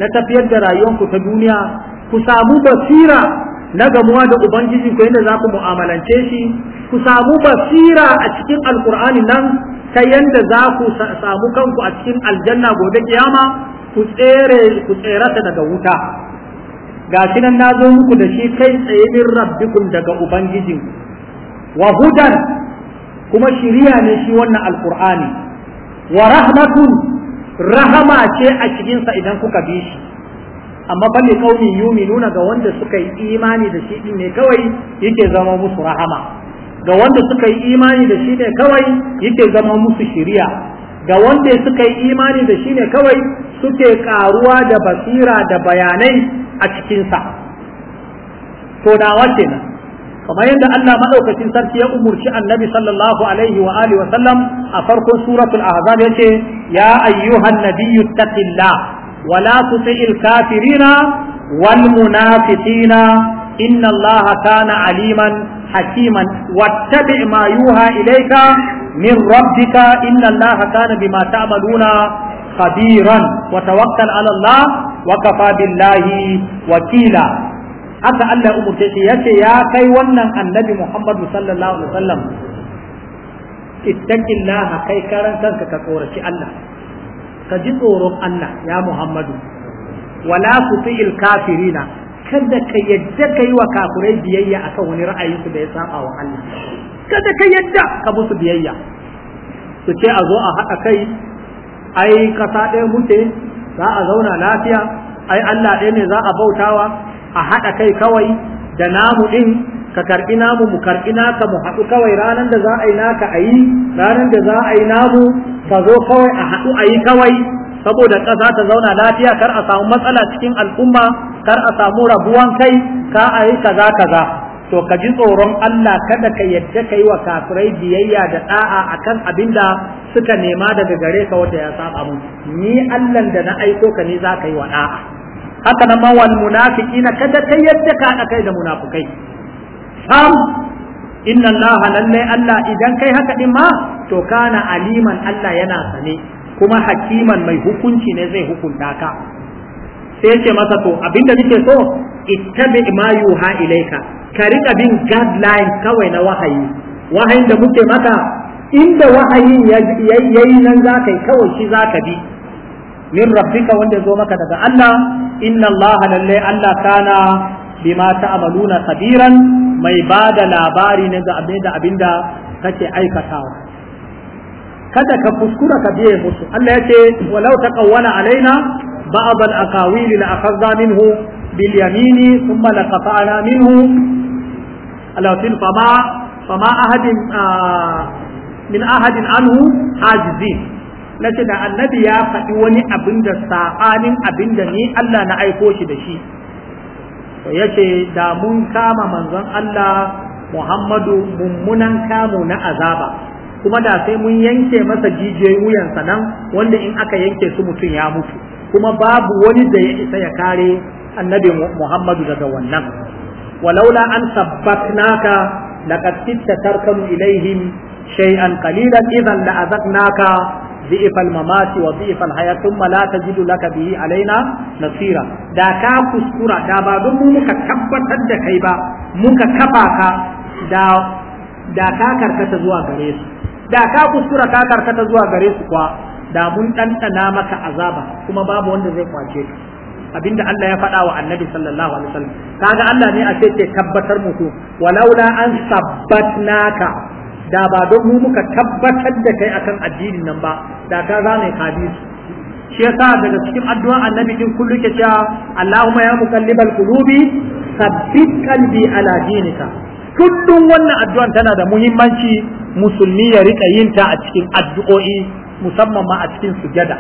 na tafiyar da rayuwanku ta duniya ku samu basira na gamuwa da ubangiji ku yadda za ku mu'amalance shi ku samu basira a cikin alkur'ani nan ta yadda za ku samu kanku a cikin aljanna gobe kiyama ku tsere ku tsere ta daga wuta ga shi na zo muku da shi kai tsaye min rabbikum daga ubangijin wa hudan kuma shiriya ne shi wannan alqur'ani wa rahmatun rahama ce a cikin sa idan kuka bi shi amma balle kauni yuminuna ga wanda suka yi imani da shi ne kawai yake zama musu rahama ga wanda suka yi imani da shi ne kawai yake zama musu shiriya ga wanda suka yi imani da shi ne kawai suke karuwa da basira da bayanai a cikinsa to dawa nan, kamar yadda Allah madaukakin sarki ya umurci annabi sallallahu alaihi wa alihi wa sallam a farkon suratul ahzab yace ya ayyuhan nabiyyu taqillah wa la tuti'il kafirina wal munafiqina inna Allah kana aliman hakiman wattabi ma min rabbika inna allaha kana bima wakila haka yace ya kai wannan annabi Muhammad sallallahu ka tsoraci Allah ka Muhammadu kafirina kada ka yadda ka yi wa kafirai biyayya akan wani ra'ayi su da ya saba wa Allah kada ka yadda ka musu biyayya su ce a zo a haɗa kai ai kasa ɗaya muke za a zauna lafiya ai Allah ɗaya ne za a bautawa a haɗa kai kawai da namu ɗin ka karɓi namu mu karɓi naka mu haɗu kawai ranar da za a yi naka a yi ranar da za a yi namu ka zo kawai a haɗu a yi kawai saboda ƙasa ta zauna lafiya kar a samu matsala cikin al'umma kar a samu rabuwan kai ka a yi kaza kaza to ka ji tsoron Allah kada ka yadda ka yi wa kafirai biyayya da da'a akan abin da suka nema daga gare ka wanda ya saba mu ni Allah da na aiko ka ne za ka yi wa da'a haka nan ma munafiqina kada ka yadda ka haɗa kai da munafukai sam inna Allah lalle Allah idan kai haka din ma to kana aliman Allah yana sane kuma hakiman mai hukunci ne zai hukunta ka sai ce masa to abinda nake so ittabi ma yuha ilaika ka rika bin guideline kawai na wahayi wahayin da muke maka inda wahayin yayi nan zaka yi kawai shi zaka bi min rabbika wanda zo maka daga Allah inna Allah lalle Allah kana bima ta'maluna khabiran mai bada labari ne ga abinda abinda kake aikatawa kada ka kuskura ka biye musu Allah ya ce walau taqawwala alaina ba'd al-aqawil la akhadna minhu bil yamini thumma laqata'na minhu Allah fama fama ahadin ah, min ahadin anhu ajizi nace da annabi ya faɗi wani abin da sa'anin abin da ni Allah na aiko shi da shi to yace da mun kama manzon Allah Muhammadu mummunan kamu na azaba kuma da sai mun yanke masa jijiyoyin wuyansa nan wanda in aka yanke su mutum ya mutu kuma babu wani da ya isa ya kare annabi Muhammadu daga wannan walaula an sabbatnaka laqad kitta tarkanu ilaihim shay'an qalilan idhan la azaqnaka ضعف الممات وضعف الحياة ثم لا تجد لك به علينا نصيرا دا كا كسكرا دا با دون muka tabbatar da kai ba muka kafa ka da da karkata zuwa gare su da ka kuskura ka karkata zuwa gare su kuwa, da mun ɗanɗana maka azaba kuma babu wanda zai kwace ka abinda Allah ya faɗa wa annabi sallallahu alaihi wasallam kaga Allah ne a ce ke tabbatar mutu walaula an sabbatnaka da ba don mu muka tabbatar da kai akan addinin nan ba da ka zame ka shi yasa daga cikin addu'a annabi din kullu ke cewa Allahumma ya muqallibal qulubi sabbit qalbi ala dinika kullum wannan addu'an tana da muhimmanci musulmi ya rika yin ta a cikin addu'o'i musamman ma a cikin sujada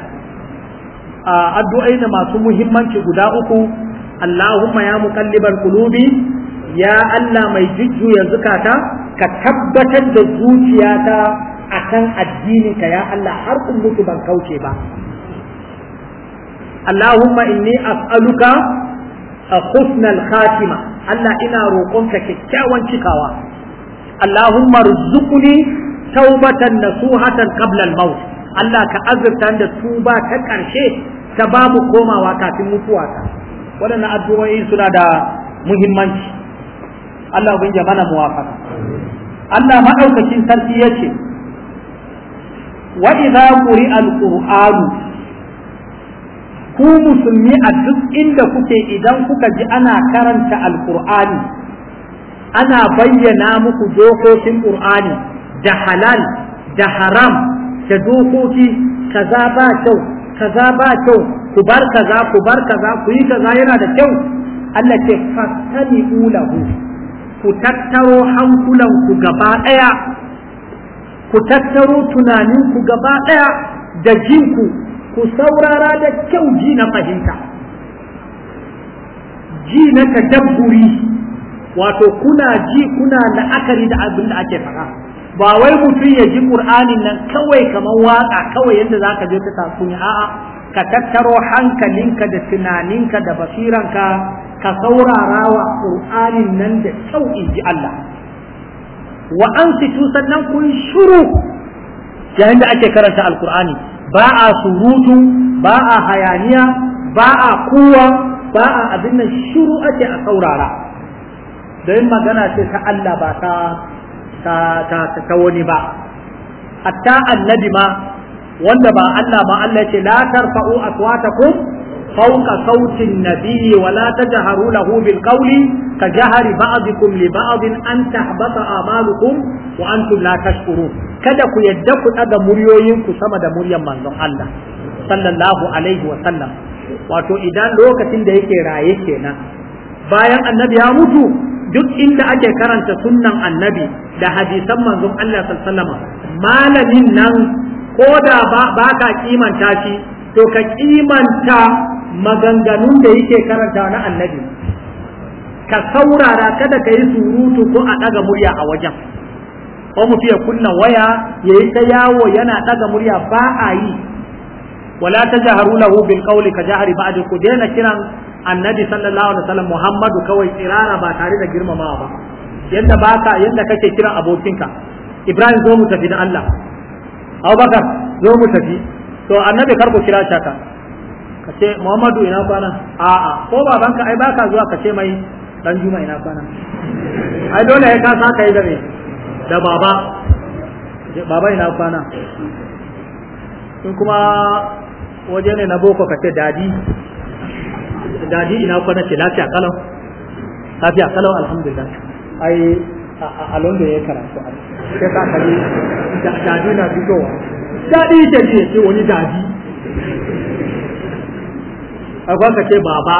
addu'o'i ne masu muhimmanci guda uku Allahumma ya muqallibal qulubi ya Allah mai jujjuya zukata ka tabbatar da zuciyata akan addininka ya Allah har ku mutu ban kauce ba Allahumma inni as'aluka husnal khatima Allah ina roƙonka kyakkyawan cikawa Allahumma rzuqni taubatan nasuhatan qabla al-maut Allah ka azurta da tuba ta ƙarshe ta babu komawa kafin mutuwa ta waɗannan addu'o'i suna da muhimmanci Allah ubangiji jama'a muwafaqa Allah madaukakin sarki yace wa idza quri'a al-qur'anu ku musulmi a duk inda kuke idan kuka ji ana karanta alkur'ani ana bayyana muku dokokin ƙur'ani da halal da haram da dokoki kaza ba kyau kaza ba kyau ku bar kaza ku bar kaza ku yi kaza yana da kyau Allah ce Fassani ulahu ku tattaro hankulanku gaba ɗaya ku tattaro tunaninku gaba ɗaya da jinku ku saurara da kyau ji na fahimta ji na tadabburi wato kuna ji kuna la'akari da abin da ake faɗa ba wai mutum ya ji qur'anin nan kawai kamar waƙa kawai yadda zaka je ta tasuni a'a ka tattaro hankalinka da tunaninka da basiranka ka saurara wa qur'anin nan da kyau inji Allah wa an sannan kun shuru yayin da ake karanta alqur'ani ba a surutu ba a hayaniya ba a kowa ba a abin nan shiru ake a saurara don magana ce ta Allah ba ta ta ta wani ba hatta annabi ma wanda ba Allah ba Allah ce la tarfa'u aswatakum فوق صوت النبي ولا تجهروا له بالقول كجهر بعضكم لبعض أن تحبط أعمالكم وأنتم لا تشكرون كذا كيدك أدى مريوين كسما دا مريم من الله صلى الله عليه وسلم wato idan lokacin da yake raye kenan bayan annabi ya mutu duk inda ake karanta sunnan annabi da hadisan manzon Allah sallallahu alaihi wasallam malamin nan ko da ba ka kimanta shi to ka kimanta maganganun da yake karanta na annabi ka saurara kada ka yi surutu ko a ɗaga murya a wajen ko mu fiye kunna waya ya yi ta yawo yana ɗaga murya ba a yi wala ta jaharu lahu bil qawli ka jahari ba'd ku daina kiran annabi sallallahu alaihi wasallam muhammadu kawai tsirara ba tare da girmamawa ba yadda baka yadda kake kiran abokinka ibrahim zo mu tafi da allah abubakar zo mu tafi to annabi kar ku kira shaka ka ce Muhammadu ina kwana a'a ko babanka ai baka zuwa ka ce mai dan Juma ina kwana ai dole ya ka sa kai da me da baba baba ina kwana in kuma waje ne na boko ka ce dadi dadi ina kwana ce lafiya kalau lafiya kalau alhamdulillah ai a londa ya karatu a sai ka kaji dadi na fitowa dadi da ce wani dadi akwai ka ce baba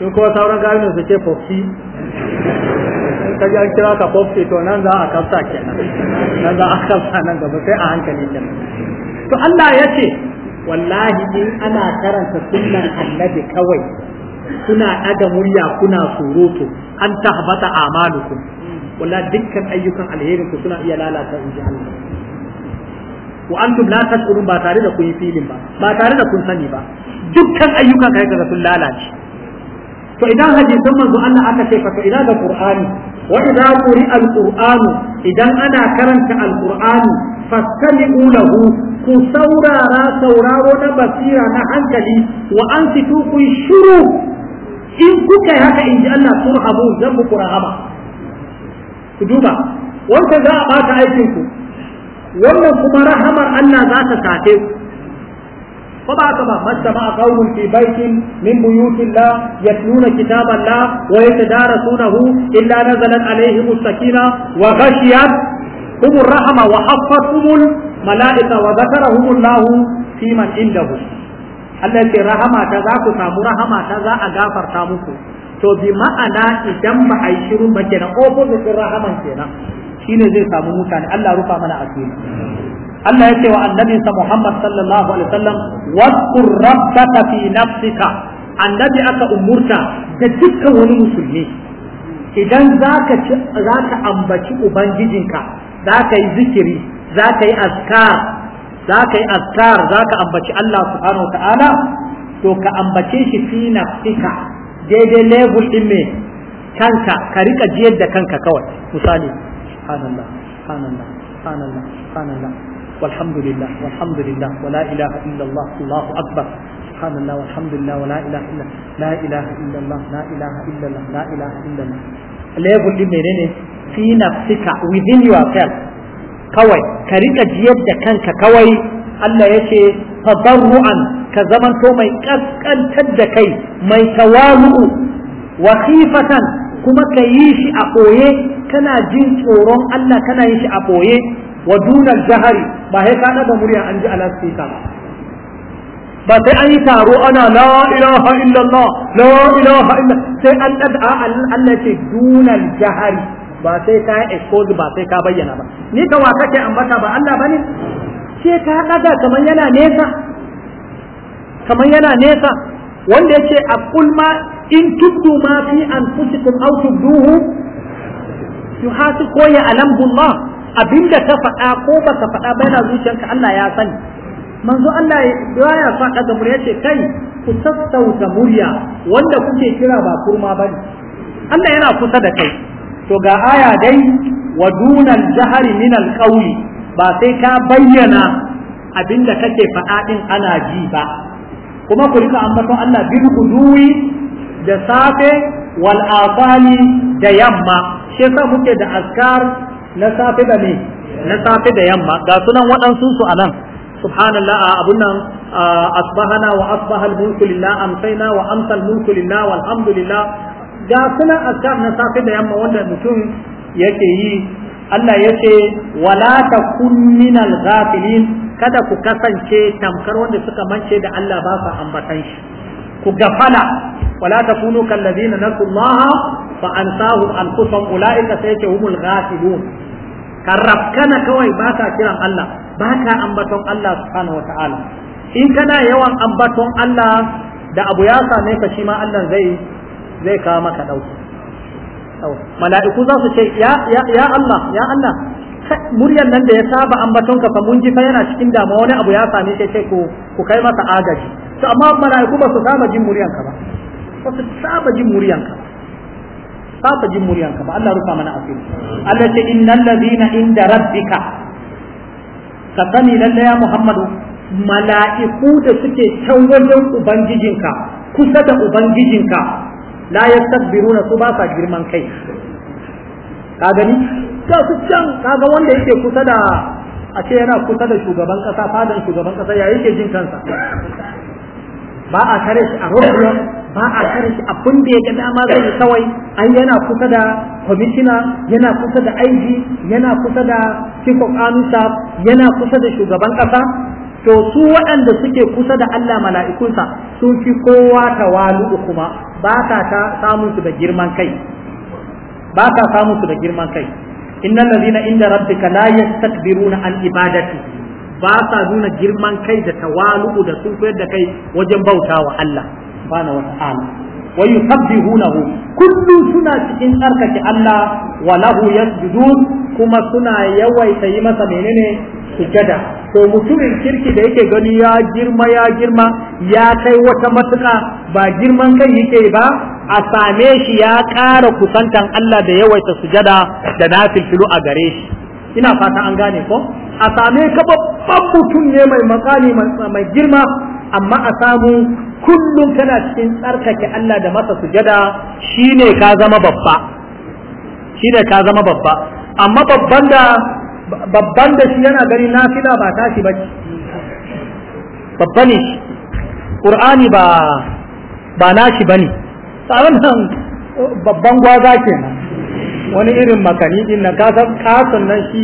in kuma sauran garin su ce fofi ka ji an kira ka fofi to nan za a kafsa kenan nan za a kafsa nan gaba sai a hankali kenan to Allah ya ce wallahi in ana karanta sunnan annabi kawai kuna ɗaga murya kuna surutu an tahbata amalukum wallahi dukkan ayyukan alherinku suna iya lalata in ji Allah wa antum la tashkurun ba tare da kun yi filin ba ba tare da kun sani ba dukkan ayyukan kai kaga sun lalace to idan hadisan manzo Allah aka ce fa ina da qur'ani wa idza quri al-qur'anu idan ana karanta al-qur'anu fastami'u lahu ku saurara sauraro na basira na hankali wa ansitu ku shuru in kuka yi haka in ji Allah turhabu zan ku rahama ku duba wanda za a bata aikin ku wannan kuma rahamar Allah za ta sace ko ba ka ba masama qaumun fi baitin min buyutillah yatluna kitaballah wa yatadarasunahu illa nazalat alaihim sakina wa ghashiyat hum rahma wa haffathum malaika wa dhakarahum Allah fi man indahu Allah ce rahama ta za ku samu rahama ta za a gafarta muku to bi ma'ana idan ba a yi shiru ba kenan opposite rahaman kenan shine zai samu mutane Allah rufa mana asiri Allah ya ce wa sa Muhammad sallallahu alaihi wasallam wasqur rabbaka fi nafsika annabi aka umurta da dukkan wani musulmi idan zaka zaka ambaci ubangijinka zaka yi zikiri zaka yi azkar zaka yi azkar zaka ambaci Allah subhanahu ta'ala to ka ambace shi fi nafsika daidai level din me kanka ka rika jiyar da kanka kawai misali subhanallah subhanallah subhanallah subhanallah والحمد لله والحمد لله ولا إله إلا الله الله أكبر سبحان الله والحمد لله ولا إله إلا لا إله إلا الله لا إله إلا الله لا إله إلا الله within yourself kawai ka riƙa jiyar da kanka kawai Allah ya ce tadarruan ka zamanto mai kaskantar da kai mai tawalu wa kuma ka yi shi a ɓoye kana jin tsoron Allah kana yi shi a ɓoye wa dunar jahari ba sai ka da murya an ji ala speaker ba ba sai an yi taro ana la ilaha illallah la ilaha illa sai an dada Allah ce dunar jahari ba sai ka expose ba sai ka bayyana ba ni ka wa kake ambata ba Allah bane sai ka daga kamar yana nesa kamar yana nesa wanda yace a kulma. in tuddu ma fi anfusikum aw tudduhu yuhasib ko ya alamhu abinda ta faɗa ko baka faɗa ba yana zuciyarka Allah ya sani manzo Allah ya ya faɗa da murya ce kai ku sassauta murya wanda kuke kira ba kurma bane Allah yana kusa da kai to ga aya dai wa dunal jahari min alqawli ba sai ka bayyana abinda kake faɗa din ana ji ba kuma ku rika ambaton Allah bil huduwi da safe wal afali da yamma shi yasa muke da askar na safe da ne na safe da yamma ga sunan waɗansu su anan subhanallah abun nan asbahana wa asbaha al-mulku lillah amsayna wa amsa al-mulku lillah walhamdulillah ga sunan askar na safe da yamma wanda mutum yake yi Allah ya ce wala takun minal ghafilin kada ku kasance tamkar wanda suka mance da Allah ba sa ambatan shi ku gafala wala takunu kallazina nasullaha fa ansahum anfusahum ulaika sayatuhumul ghafilun karabkana kawai ba ka kiran Allah ba ka ambaton Allah subhanahu in kana yawan ambaton Allah da abu ya same ka shi ma Allah zai zai kawo maka dauki mala'iku za su ce ya ya ya Allah ya Allah muryan nan da ya saba ambaton ka fa mun ji fa yana cikin damuwa wani abu ya same shi sai ku ku kai masa agaji to amma mala'iku ba su saba jin muryan ka ba ba su saba jin muryanka ba saba jin muryanka ba Allah rufa mana asiri Allah ce innal ladina inda rabbika ka sani ya Muhammadu mala'iku da suke can wajen ubangijinka kusa da ubangijinka la yastakbiruna su ba sa girman kai ka gani ga su can kaga wanda yake kusa da a ce yana kusa da shugaban kasa fadan shugaban kasa ya yake jin kansa ba a kare shi a rukuwa ba a kare shi abin da ya ga dama zai kawai an yana kusa da kwamishina yana kusa da IG yana kusa da chief of yana kusa da shugaban kasa to su waɗanda suke kusa da Allah mala'ikunsa sun fi kowa walu kuma ba ka samun su da girman kai ba ta samun su da girman kai innal ladina inda rabbika la yastakbiruna an ibadati ba sa nuna girman kai da tawalu da sun koyar da kai wajen bauta wa Allah wa ta'ala wa yusabbihunahu kullu suna cikin tsarkake Allah wa lahu yasjudun kuma suna yawaita yi masa menene sujada to mutumin kirki da yake gani ya girma ya girma ya kai wata matuƙa ba girman kai yake ba a same shi ya ƙara kusantan Allah da yawaita sujada da nafilfilu a gare shi ina fata an gane ko a same ka babban mutum ne mai makami mai girma amma a samu kullum kana cikin tsarkake Allah da masa sujada shine ka zama babba shine ka zama babba amma babban da babban da shi yana gari nafila ba tashi ba babba ne Qur'ani ba ba nashi bane wannan babban gwaza kenan wani irin makani din na ka san kasan nan shi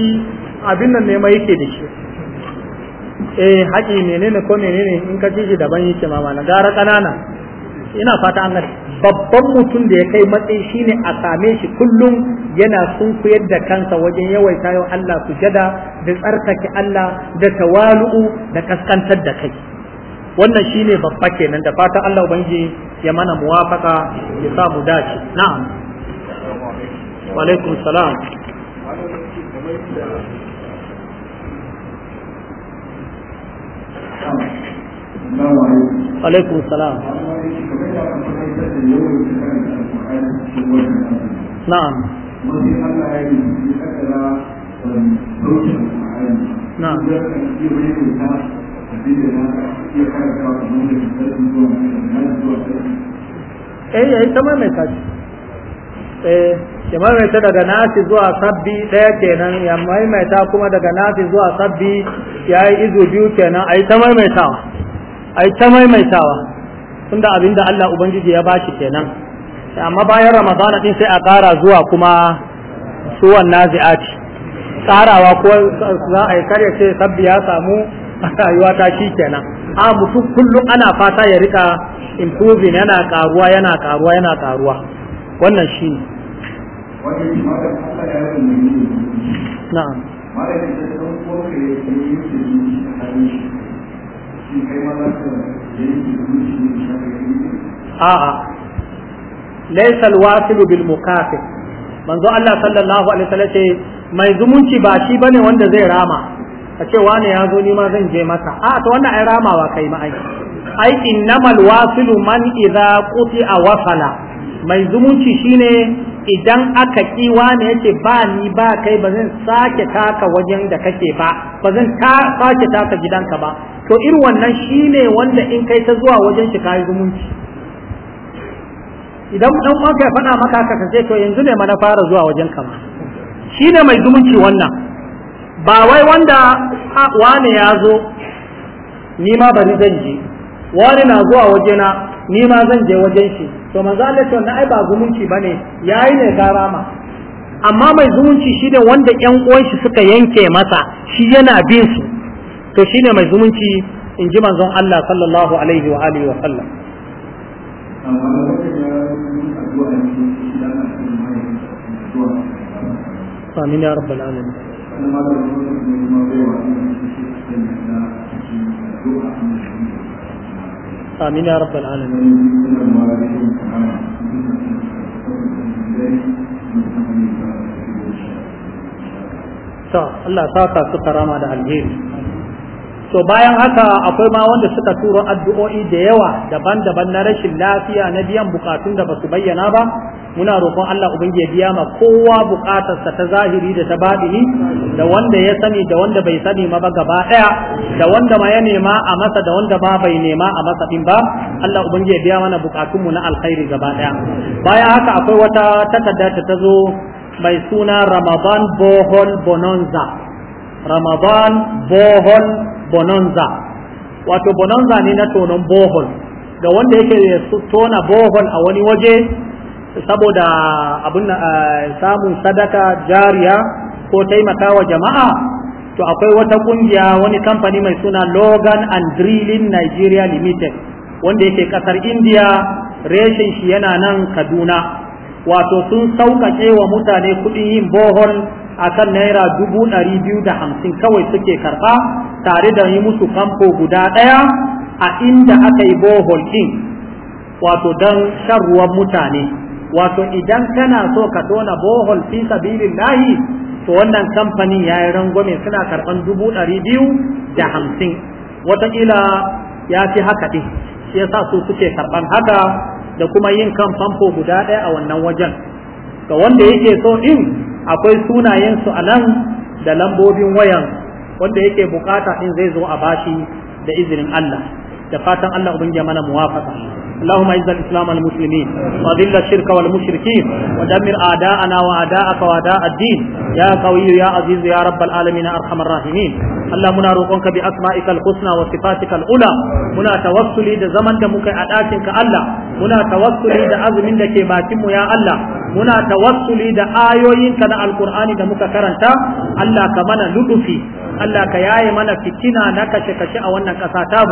abin nan ne mai yake da shi eh haƙi menene ko menene in ka ji shi daban yake ma mana gara kanana ina fata an babban mutum da ya kai matsayi shine a same shi kullum yana sunkuyar da kansa wajen yawaita yau Allah jada, da tsarkake Allah da tawalu'u da kaskantar da kai wannan shine babba kenan da fata Allah ubangiji ya mana muwafaka ya sa mu dace na'am wa alaikum salam alaikum salam na'am na'am eh, eh eh ya maimaita daga nasi zuwa sabbi ɗaya kenan ya maimaita kuma daga nasi zuwa sabbi ya yi izu biyu kenan a yi ta maimaitawa a yi ta maimaitawa tunda abin da Allah Ubangiji ya bashi kenan amma bayan ramadana din sai a ƙara zuwa kuma suwan nazi'ati tsarawa ko za a yi karya ce sabbi ya samu rayuwa ta shi kenan a mutum kullum ana fata ya rika improving yana karuwa yana karuwa yana karuwa wannan shi ne na'am a'a laysa alwasilu bil mukafir manzo Allah sallallahu alaihi wasallam ce mai zumunci ba shi bane wanda zai rama a ce wane ya zo ni ma zan je masa a to wannan ai ramawa kai ma ai ai innamal wasilu man idza quti wasala mai zumunci shine idan aka ƙi wani ce ba ni ba kai ba zan sake taka wajen da kake ba ba zan ta sake taka gidanka ba to irin wannan shine wanda in kai ta zuwa wajen shi kai zumunci idan dan uwanka ya faɗa maka haka kace to yanzu ne mana fara zuwa wajen ka ma shine mai zumunci wannan ba wai wanda wani ya zo ni ma bari zan je wani na zuwa wajena ni ma zan je wajen shi to manzo Allah ce wannan ai ba zumunci bane yayi ne garama amma mai zumunci shine wanda ƴan uwan shi suka yanke masa shi yana bin su to shine mai zumunci in ji manzon Allah sallallahu alaihi wa alihi wa sallam Amin ya rabbal alamin. آمين يا رب العالمين to Allah saka su karama da alheri to bayan haka akwai ma wanda suka turo addu'o'i da yawa daban-daban na rashin lafiya na biyan bukatun da basu bayyana ba muna roƙon Allah ubangi ya biya ma kowa bukatarsa ta zahiri da ta baɗini da wanda ya sani da wanda bai sani ma ba gaba daya da wanda ma ya nema a masa da wanda ba bai nema a masa din ba Allah ubangi ya biya mana bukatunmu na alkhairi gaba daya bayan haka akwai wata takarda ta zo mai suna Ramadan Bohol Bonanza Ramadan Bohol bonanza wato bonanza ne na tonon bohol ga wanda yake tona bohol a wani waje saboda abin eh, samun sadaka jariya ko taimakawa jama'a to akwai wata kungiya wani kamfani mai suna Logan and Drilling Nigeria Limited wanda yake kasar India reshen shi yana nan Kaduna wato sun sauƙaƙe wa mutane kuɗin yin bohol akan naira dubu ɗari biyu da hamsin kawai suke karɓa tare da yi musu famfo guda ɗaya a inda aka yi bohol ɗin wato don shan ruwan mutane wato idan kana so ka tona bohol fi sabilin lahi to wannan kamfani ya yi rangwame suna karɓan dubu ɗari biyu da hamsin watakila ya fi haka ɗin shi sa su suke karɓan haka da kuma yin kan famfo guda ɗaya a wannan wajen ga wanda yake so ɗin akwai sunayensu a nan da lambobin wayan wanda yake bukata in zai zo a bashi da izinin Allah da fatan Allah ubangiji mana muwafaqa اللهم اعز الاسلام والمسلمين واذل الشرك والمشركين ودمر اعداءنا واعداءك واعداء ya azizu ya يا عزيز يا رب العالمين ارحم الراحمين اللهم منا roƙonka bi asma'ikal husna wa sifatikal ula muna tawassuli da zaman da muka a ɗakin ka Allah muna tawassuli da azumin da ke bakin mu ya Allah muna tawassuli da ayoyinka na alqur'ani da muka karanta Allah ka mana ludufi Allah ka yaye mana fitina na kashe-kashe a wannan ƙasa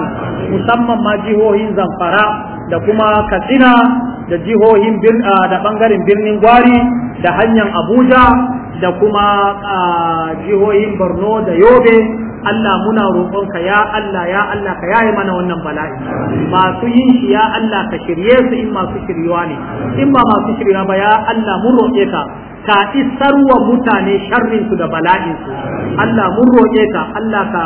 musamman ma jihohin zamfara da kuma katsina da jihohin da bangaren birnin gwari da hanyar abuja da kuma jihohin borno da yobe Allah muna roƙonka ya Allah ya Allah ka yaye mana wannan bala'i masu yin shi ya Allah ka shirye su in masu shiryuwa ne in ba masu shirya ba ya Allah mun roƙe ka ka isarwa mutane sharrin su da bala'in su Allah mun roƙe ka Allah ka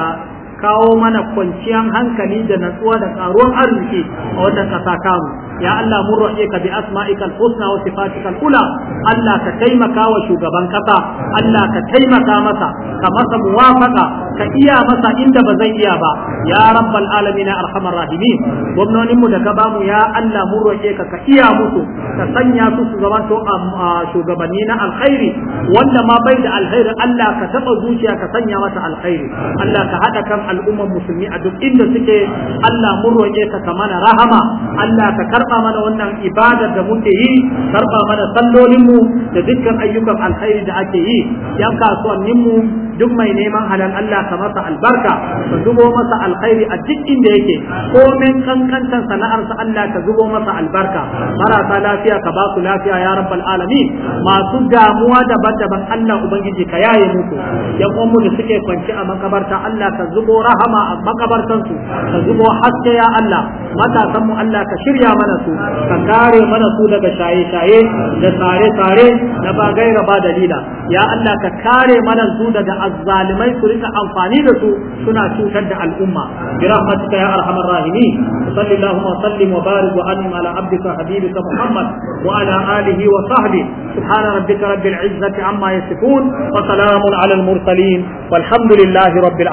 kawo mana kwanciyar hankali da natsuwa da karuwar arziki a wannan ƙasa kamu ya Allah mun roƙe ka bi asma'ikal husna wa sifatikal ula Allah ka taimaka wa shugaban kasa Allah ka taimaka masa ka masa muwafaqa ka iya masa inda ba zai iya ba Yaran bal'alami alamin alhamar rahimin gwamnonin da ka bamu ya Allah mun roƙe ka ka iya musu ka sanya su su zamanto shugabanni na alkhairi wanda ma bai da alkhairi Allah ka taɓa zuciya ka sanya masa alkhairi Allah ka haɗa kan al'ummar musulmi a duk inda suke Allah mun roƙe ka ka mana rahama Allah ka karɓa karba mana wannan ibada da muke yi karba mana sallolinmu da dukkan ayyukan alkhairi da ake yi yan kasuwannin mu duk mai neman halal Allah ka masa albarka ka zubo masa alkhairi a duk inda yake komin sana'ar sana'arsa Allah ka zubo masa albarka marasa lafiya ka ba su lafiya ya rabbal alamin masu damuwa daban-daban Allah ubangiji ka yaye musu yan uwanmu da suke kwanci a makabarta Allah ka zubo rahama a su, ka zubo haske ya Allah matasan mu Allah ka shirya mana su ka kare mana su daga shaye-shaye da sare-sare na ba gaira ba dalila ya Allah ka kare mana su daga الظالمين تريد أن فانيدة سنة تشد الأمة برحمتك يا أرحم الراحمين صل اللهم وسلم وبارك وأنم على عبدك حبيبك محمد وعلى آله وصحبه سبحان ربك رب العزة عما يصفون وسلام على المرسلين والحمد لله رب العالمين